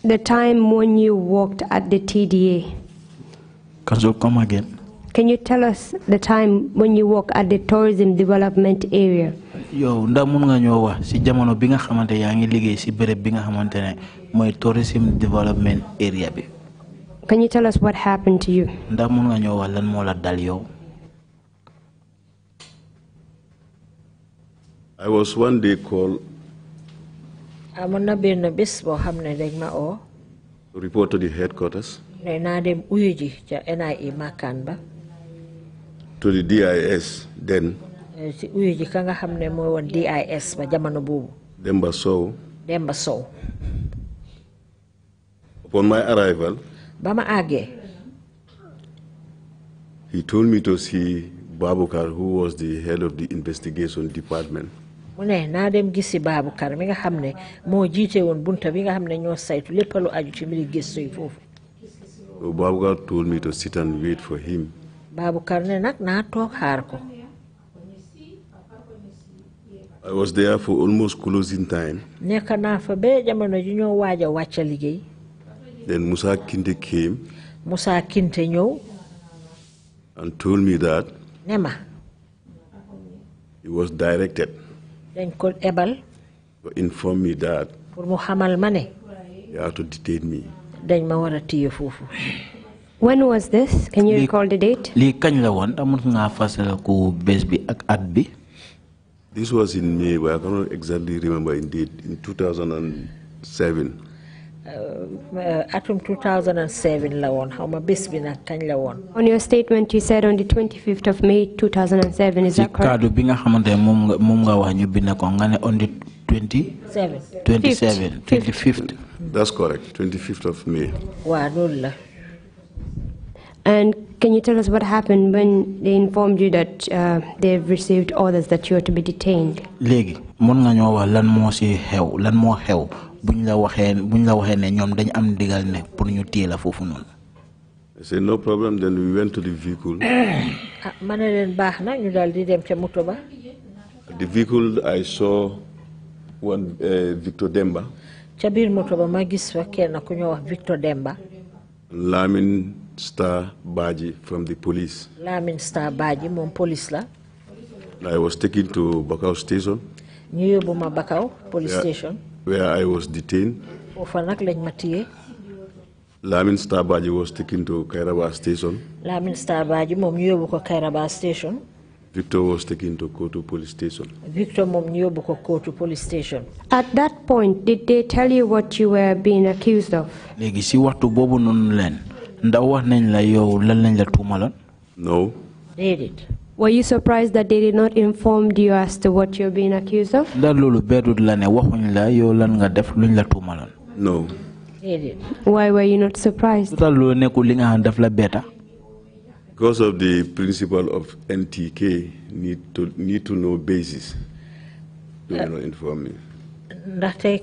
the time when you worked at the TDA? Can you come again? Can you tell us the time when you worked at the tourism development area? Yo, ndax mun nga ñoo wax si jamono bi nga xamante yaa liggéey si béréb bi nga xamante ne tourism development area bi. Can you tell us what happened to you? ndax mun nga ñoo wax lan mo la dal yow. I was one day called. to report to the headquarters. NIA to the DIS then. DIS Demba so. upon my arrival. Bama age. he told me to see Babukar, who was the head of the investigation department. mu ne naa dem gis si Baboucarr mi nga xam ne moo jiite woon bunta bi nga xam ne ñoo saytu lépp lu aju ci mbiri gëstu yi foofu. Oh, Baboucarr told me to sit wait for him. Baboucarr ne nag naa toog xaar ko. I was there for almost closing time. nekk naa fa ba jamono ji ñoo waaj a wàcc liggéey. Then Musa Kinte came. Musa Kinte ñëw. And told me that. ne ma. He was directed. dañ ko ebal. inform me that. pour mu xamal ma ne. you have to detain me. dañ ma war a téye foofu. when was this can you recall the date. lii kañ la woon amul nga fàttaliku bés bi ak at bi. this was in May but I cannot exactly remember in date in 2007 atum uh, uh, 2007 la woon ma bés bi nag on your statement you said on the 25th of May 2007 is that correct. Kadu kaddu bi nga xamante ne moom nga moom nga wax ñu bind ko nga ne on the 20. 7 27 25th. that's correct 25th of May. waaw loolu la. And can you tell us what happened when they informed you that uh, they've received orders that you are to be detained? Legi, mon nga ñoo wax lan mo ci xew, lan mo xew buñ la waxee buñ la waxee ne ñoom dañu am ndigal ne pour ñu téye la foofu noonu. c'est no problem then we went to the ma ne leen baax na ñu daal di dem ca moto ba. the vehicle I saw eh, Demba. ca biir moto ba ma gis fa kenn ku ñoo wax Victor Demba. Lamin Star Baji from the police. Lamin Star Baji moom police la. I was taken to Bakau station. ñu yóbbu ma police station. where I was detained. Lamin Starbaji was taken to Kairaba Station. Lamin Starbaji mom ñobu ko Kairaba Station. Victor was taken to Koto Police Station. Victor mom ñobu ko Koto Police Station. At that point did they tell you what you were being accused of? Legi si waxtu bobu non len ndaw wax la yow lan la tumalan? No. They did. Were you surprised that they did not inform you as to what you're being accused of? ndax loolu beerut la ne waxuñ la yow lan nga def luñ la tuumaloon. no. Why were you not surprised? loolu nekkul li nga xam daf la beeta. because of the principle ki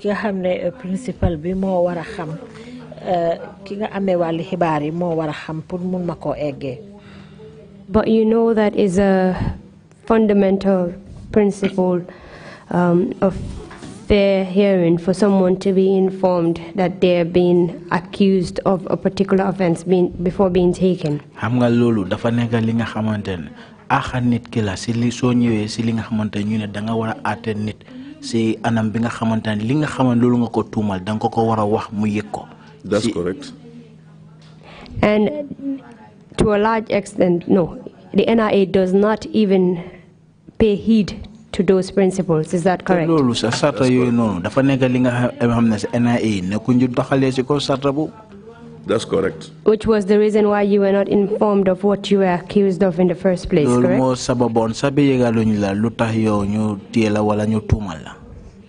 nga xam ne eh, principal bi moo war a xam eh, ki nga amee wàllu xibaar yi moo war a xam pour mun ma koo eggee. but you know that is a fundamental principle um, of fair hearing for someone to be informed that they're being accused of a particular offense being, before being taken. nit ki la si li soo ñëwee si li nga ñu ne da nga war a nit si anam bi nga li nga xamante loolu nga ko tuumal da nga ko ko war a wax mu yëg ko. that's correct. and to a large extent, no, the NIA does not even pay heed to those principles is that correct loolu sa dafa li nga ñu ko bu That's correct. Which was the reason why you were not informed of what you were accused of in the first place, correct?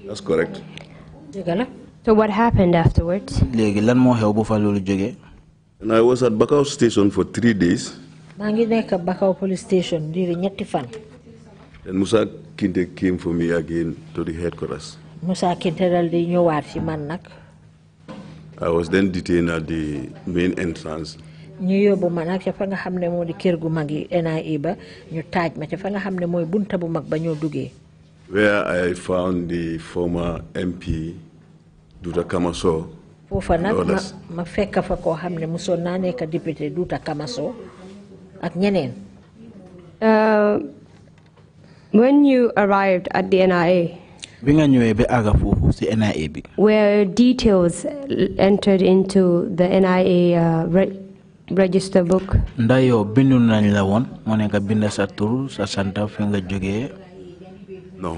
That's correct. So what happened afterwards? And I was at Bakau station for three days. maa ngi nekk Bakau police station diiri ñetti fan. And Musa Kinte came for me again to the headquarters. Musa Kinte dal di ñëwaat ci I was then detained at the main entrance. ñu yóbbu ma nag ca fa nga xam ne moo di kër gu mag yi NIA ba ñu taaj ma ca fa nga xam ne mooy bunta bu mag ba ñoo duggee. Where I found the former MP Duda Kamaso. foofa nag ma ma fekk fa koo xam ne mosoon naa nekk député Duuta Kamaso ak ñeneen. Uh, when you arrived at the NIA. bi nga ñëwee ba àgga foofu si NIA bi. were details entered into the NIA uh, register book. ndax yow bindu nañ la woon moo nekk bind sa tur sa santa fi nga jógee. non.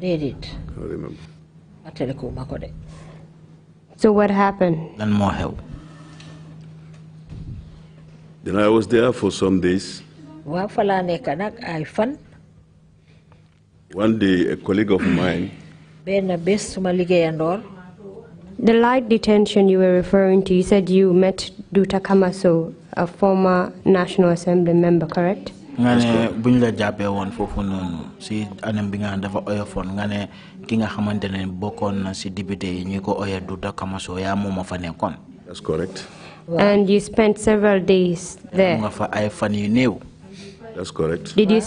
déedéet. atale ko ma ko de. So what happened? And more help. Then I was there for some days. One day, a colleague of mine. The light detention you were referring to, you said you met Duta Kamaso, a former National Assembly member, correct? nga ne bu ñu la jàppee woon foofu noonu si anam bi nga dafa oyofoon nga ne ki nga xamante ne bokkoon na si député yi ñu ko oyee Duda Kamaso yaa moom a fa nekkoon. that's fan yu néew. that's correct. did you a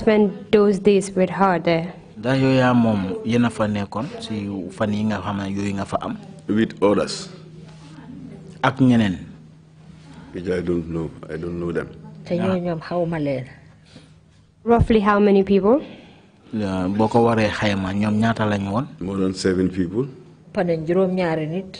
fa nekkoon si fan yi nga xam yooyu nga fa am. with others. ak ñeneen. which I don't don't know them. te leen. Roughly how many people? boo ko waree xayma ñoom ñaata lañ woon. More than seven people. panañ juróom ñaari nit.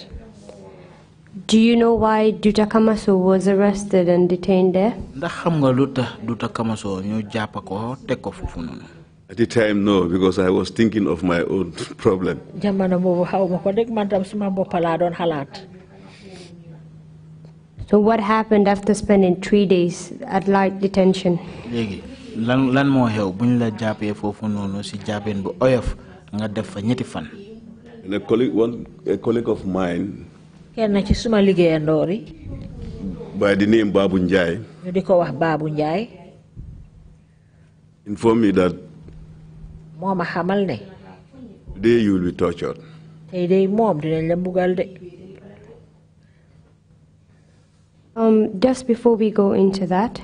Do you know why Duta Kamaso was arrested and detained there? ndax xam nga lu Duta Kamaso ñu jàpp ko teg ko foofu noonu. At the time, no, because I was thinking of my own problem. jamono boobu xaw ma ko rek man tam So what happened after spending three days at light detention? léegi. lan lan moo xew bu ñu la jàppee foofu noonu si jàppeen bu oyof nga def fa ñetti fan. ne kenn ci suma liggéeyandoor yi. by the name Babou Njie. ñu di ko wax Babou Njie. inform me that. moo ma xamal ne. today you will be tey de moom dinañ la mbugal de. Um, just before we go into that,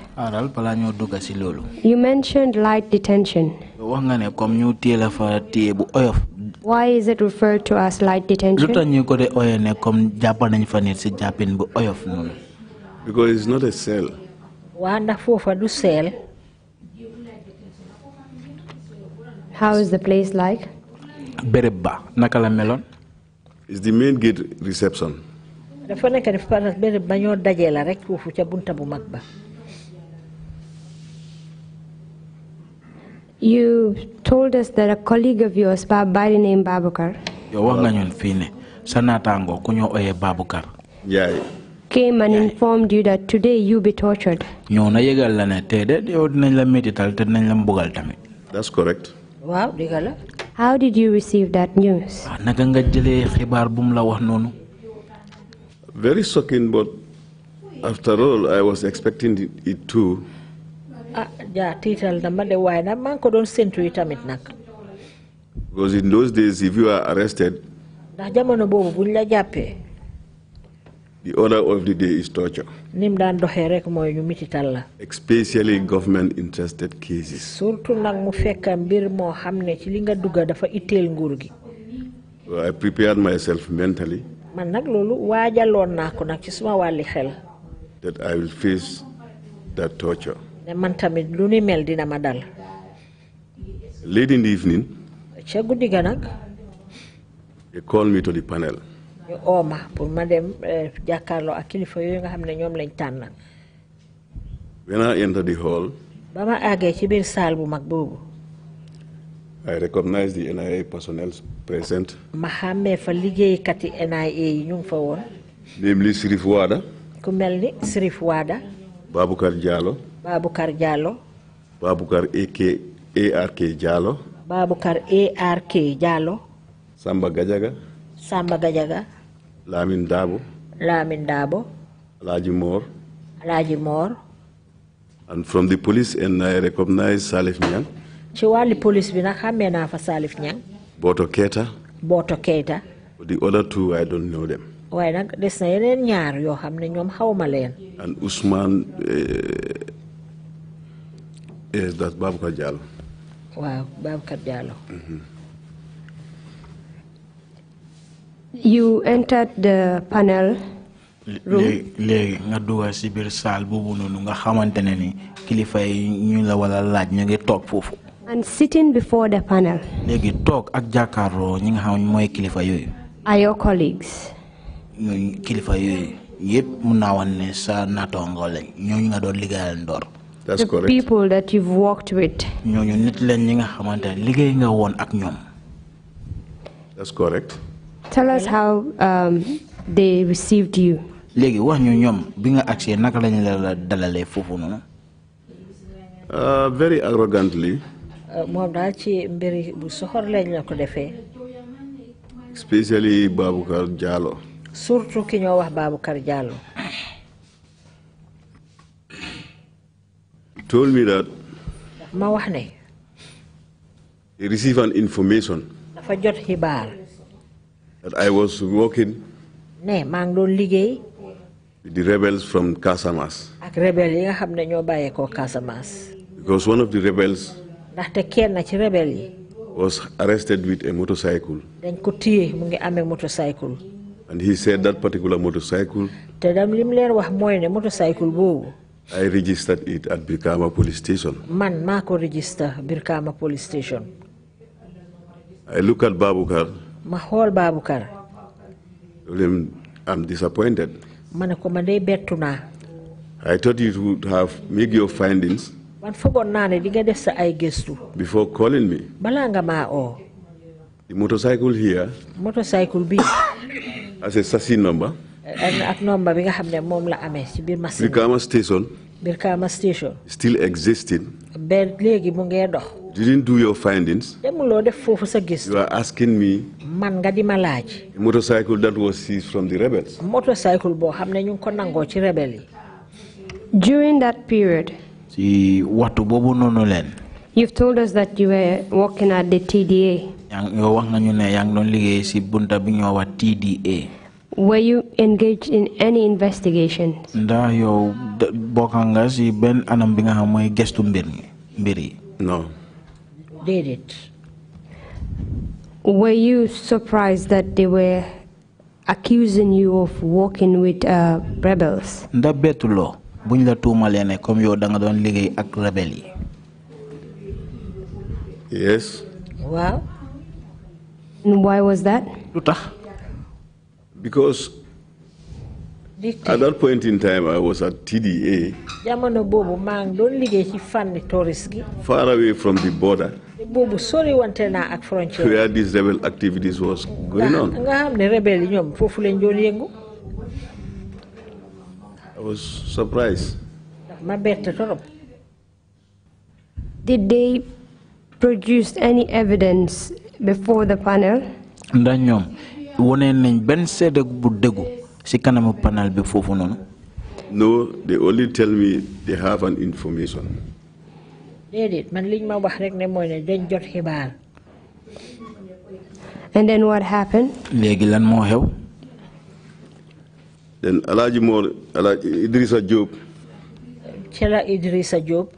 you mentioned light detention. Why is it referred to as light detention? Because it's not a cell. How is the place like? Berebba, Nakala Melon. It's the main gate reception. dafa nekk def par benn bañoo dajee la rek foofu ca bunta bu mag ba You told us that a yow wax nga ñun fii ne sa naataangoo ku ñoo oyee Babukar. yaay. came and informed you that today you be tortured. ñoo na yëgal la ne tey de yow dinañ la métital te dinañ la mbugal tamit. how did you receive that news. Ah, naka nga jëlee xibaar bu la wax noonu. very shocking, but after all, I was ah, na man ko don sentu itamit nak. Because in those days, if ndax jamono boobu buñ la jàppee. The order of the day is torture. nim daan doxee rek mooy ñu mitital la. especially government interested cases. surtout nag mu fekk mbir moo xam ne ci li nga dugg dafa itteel nguur gi. I prepared myself mentally. man nag loolu waajaloon naa ko nag ci suma wàlli xel. that I will face that torture. man tamit lu ni mel dina ma dal. late in the evening. ca guddi ga nag. they called me to the panel. ñu oo ma pour ma dem eh, jàkkaarloo ak kilifa yooyu nga xam ne ñoom lañ tànn. when I entered the hall. ba ma àggee ci biir saal bu mag boobu. I recognize the NIA personnel present. ma xàmmee fa liggéeykati NIA yi ñu fa woon. lim Sirif Wada. ku mel ni Sirif Wada. Baboucar Diallo. Baboucar Diallo. Baboucar ARK Diallo. Samba Gajaga. Samba Gajaga. Lamine Dabo. Lamine Dabo. Alaji Mor. Alaji Mor. And from the police and I recognize Salif Niang. ci wàlli police bi nag xàmmee naa fa Salif Niang. Boto keta. Boto keta. the other two I don't know them. waaye nag des na yeneen ñaar yoo xam ne ñoom xawma leen. and Ousmane eh babu eh, Babacar Diallo. waaw ka Diallo. you entered the panel. room léegi nga dugal si biir saal boobu noonu nga xamante ne ni kilifa yi ñu la wala laaj ñu ngi toog foofu. and sitting before the panel léegi toog ak jàkkaarloo ñi nga xam are your colleagues ñooñu kilifa yooyu yëpp mun naa wax ne sa nga doon liggéeyal ndoor That's the correct. people that you've worked with. ñooñu nit lañ ñi nga xamante ne liggéey nga woon ak That's correct. Tell us how um, they received you. léegi wax ñu ñoom bi nga agsee naka lañ uh, very arrogantly. moom daal ci mbiri bu soxor lañ la ko defee. especially Baboucarr Jallow. surtout ki ñoo wax Baboucarr Jallow. told me ma wax ne. he received an dafa jot xibaar. that I was working. ne maa ngi doon liggéey. with the rebels from Casamance. ak rebel yi nga xam ne ñoo bàyyeekoo Casamance. because one of the rebels. ndaxte kenn ci rebel yi was arrested with a motorcycle. dañ ko téye mu ngi amee motorcycle. and he said that particular motorcycle. te dam lim leen wax mooy ne motorcycle boobu. I registered it at Birkama police station. man maa ko register Birkama police station. I look at Babukar. ma xool Babukar. I'm disappointed. ma ne ko ma day bettu naa. I thought you would have made your findings. Before calling me, Balanga the motorcycle here, motorcycle B, as a sassy number, and at number we have the mom la ame, station, Birkama station, still existing. Ben legi mu didn't do your findings. You are asking me. Man nga di ma motorcycle that was seized from the rebels. Motorcycle bo xamne ñu ko nango During that period, ci waxtu boobu noonu leen. You've told us that you were working at the TDA. Yow wax nga ñu ne yaa ngi doon si bunta bi ñoo wax TDA. Were you engaged in any investigations? ndax yow bokk si Ben anam bi nga xam mooy gëstu mbir mi mbir yi. non. Were you surprised that they were accusing you of working with uh, rebels? ndax betuloo. buñ la tuumalee ne comme yow danga doon liggéey ak rebelle yi. yes. waaw. why was that. lu tax. because. at that point in time I was at TDA. jamono boobu maa ngi doon liggéey ci fànn touriste gi. far away from the border. boobu sori wante naa ak frontière. where these rebel activities was going on. nga xam ne rebelle yi ñoom foofu lañ doon yëngu. I was surprised. Did they produce any evidence before the panel? wone bu ci panel bi no they only tell me they have an information. déedéet man liñ ma wax rek ne mooy ne dañ jot and then what happened? léegi lan moo xew. Then Alaji Mor, Alaji Idrissa Job. Chela Idrissa Job.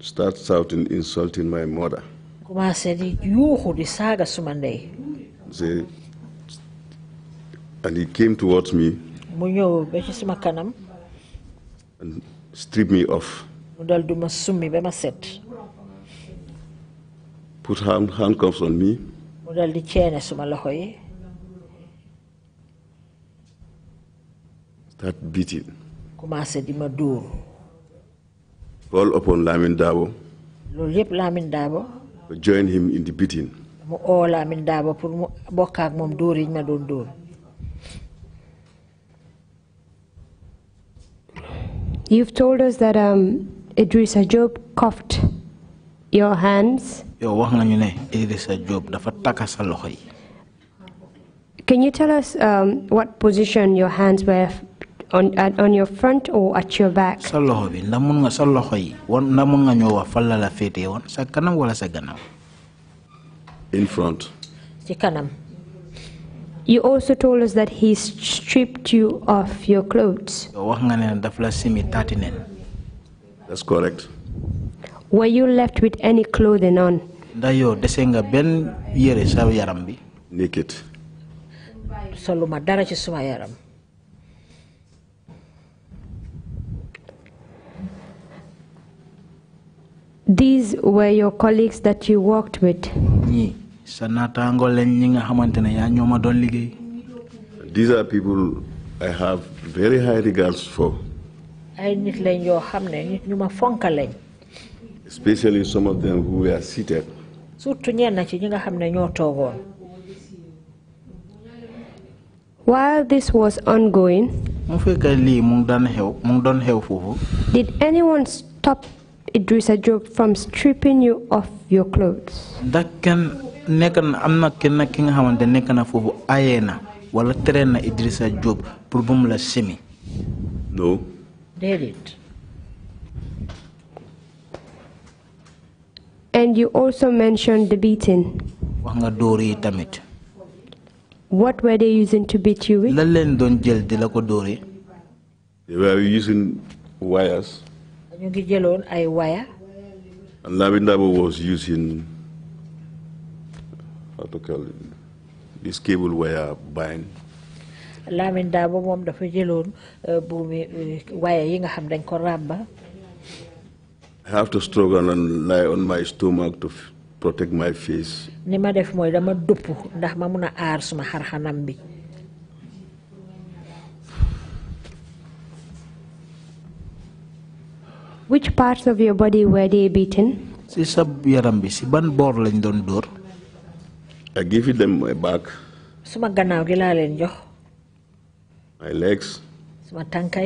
Starts out in insulting my mother. Say, and he came towards me. And stripped me off. Put hand, handcuffs on me. that beating. commencé di ma dóor. call upon Lamin Dabo. loolu yëpp Lamin Dabo. join him in the beating. Mo all Lamin Dabo pour mu bokk ak moom dóor yi ma doon dóor. You've told us that um, Idrissa Job coughed. your hands. Yo wax nga ne Idrissa Job dafa takka sa Can you tell us um, what position your hands were on at, on your front or at your back sa loxo bi ndax nga sa loxo yi won ndax nga ñoo wax fan la la féetee sa kanam wala sa gannaaw in front ci kanam you also told us that he stripped you of your clothes. simi tatinen. That's correct. Were you left with any clothing on? Dayo ben yere Naked. yaram. These were your colleagues that you worked with. These are people I have very high regards for. Especially some of them who were seated. While this was ongoing, did anyone stop it does a job from stripping you off your clothes. That can make an amma ke making how and the neck na for ayena wala trena Idrissa Job problem la semi. No. Did it. And you also mentioned the beating. Wanga dori tamit. What were they using to beat you with? Lalen de la ko They were using wires and was using how to call it this cable wire bind. dafa euh, buumi euh, yi nga xam dañ ko I have to struggle and lie on my stomach to protect my face. ni ma def dama dupp ndax ma aar suma bi. Which parts of your body were they beaten? si sa yaram bi si ban boor lañ doon dóor. I give them my back. suma gannaaw gi laa leen jox. my legs. suma tànka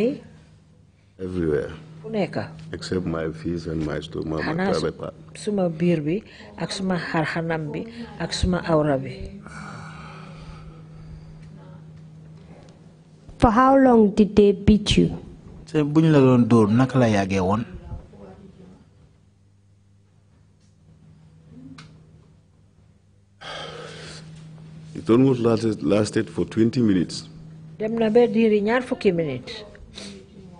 everywhere. fu nekk. except my feet and my stomach. my private part. suma biir bi ak suma xarxanam bi ak suma awra bi. For how long did they beat you? te buñ la doon dóor naka la woon It almost lasted, lasted for 20 minutes. dem na ba diiri ñaar fukki minutes.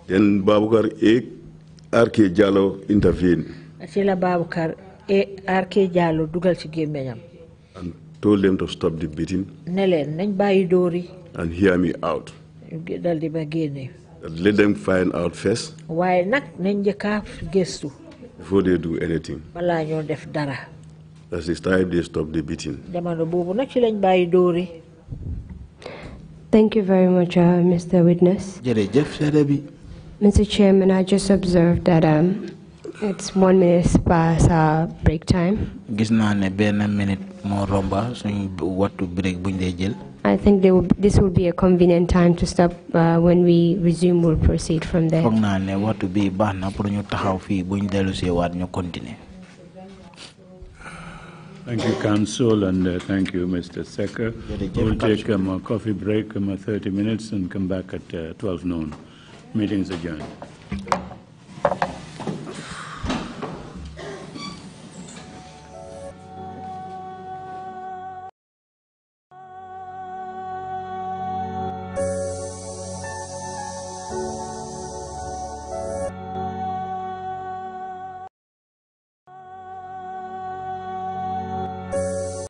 Then Babukar A.R.K. Jallow intervened. ci la Babukar A.R.K. Jallow dugal ci gémmiñam. and told them to stop the beating. ne leen nañ bàyyi dóor yi. and hear me out. daldi ma génne. Let them find out first. Why not? nañ njëkk a before they do anything. balaa def dara. that's the time they stop the beating. Thank you very much, uh, Mr. Witness. Mr. Chairman, I just observed that um, it's one minute past our break time. Gisna naa ne benn minute moo romba suñ wattu break buñ dee jël. I think will, this will be a convenient time to stop. Uh, when we resume, we'll proceed from there. Thank you, Council, and uh, thank you, Mr. Secker. We'll take um, a coffee break, um, 30 minutes, and come back at uh, 12 noon. Meeting's adjourned.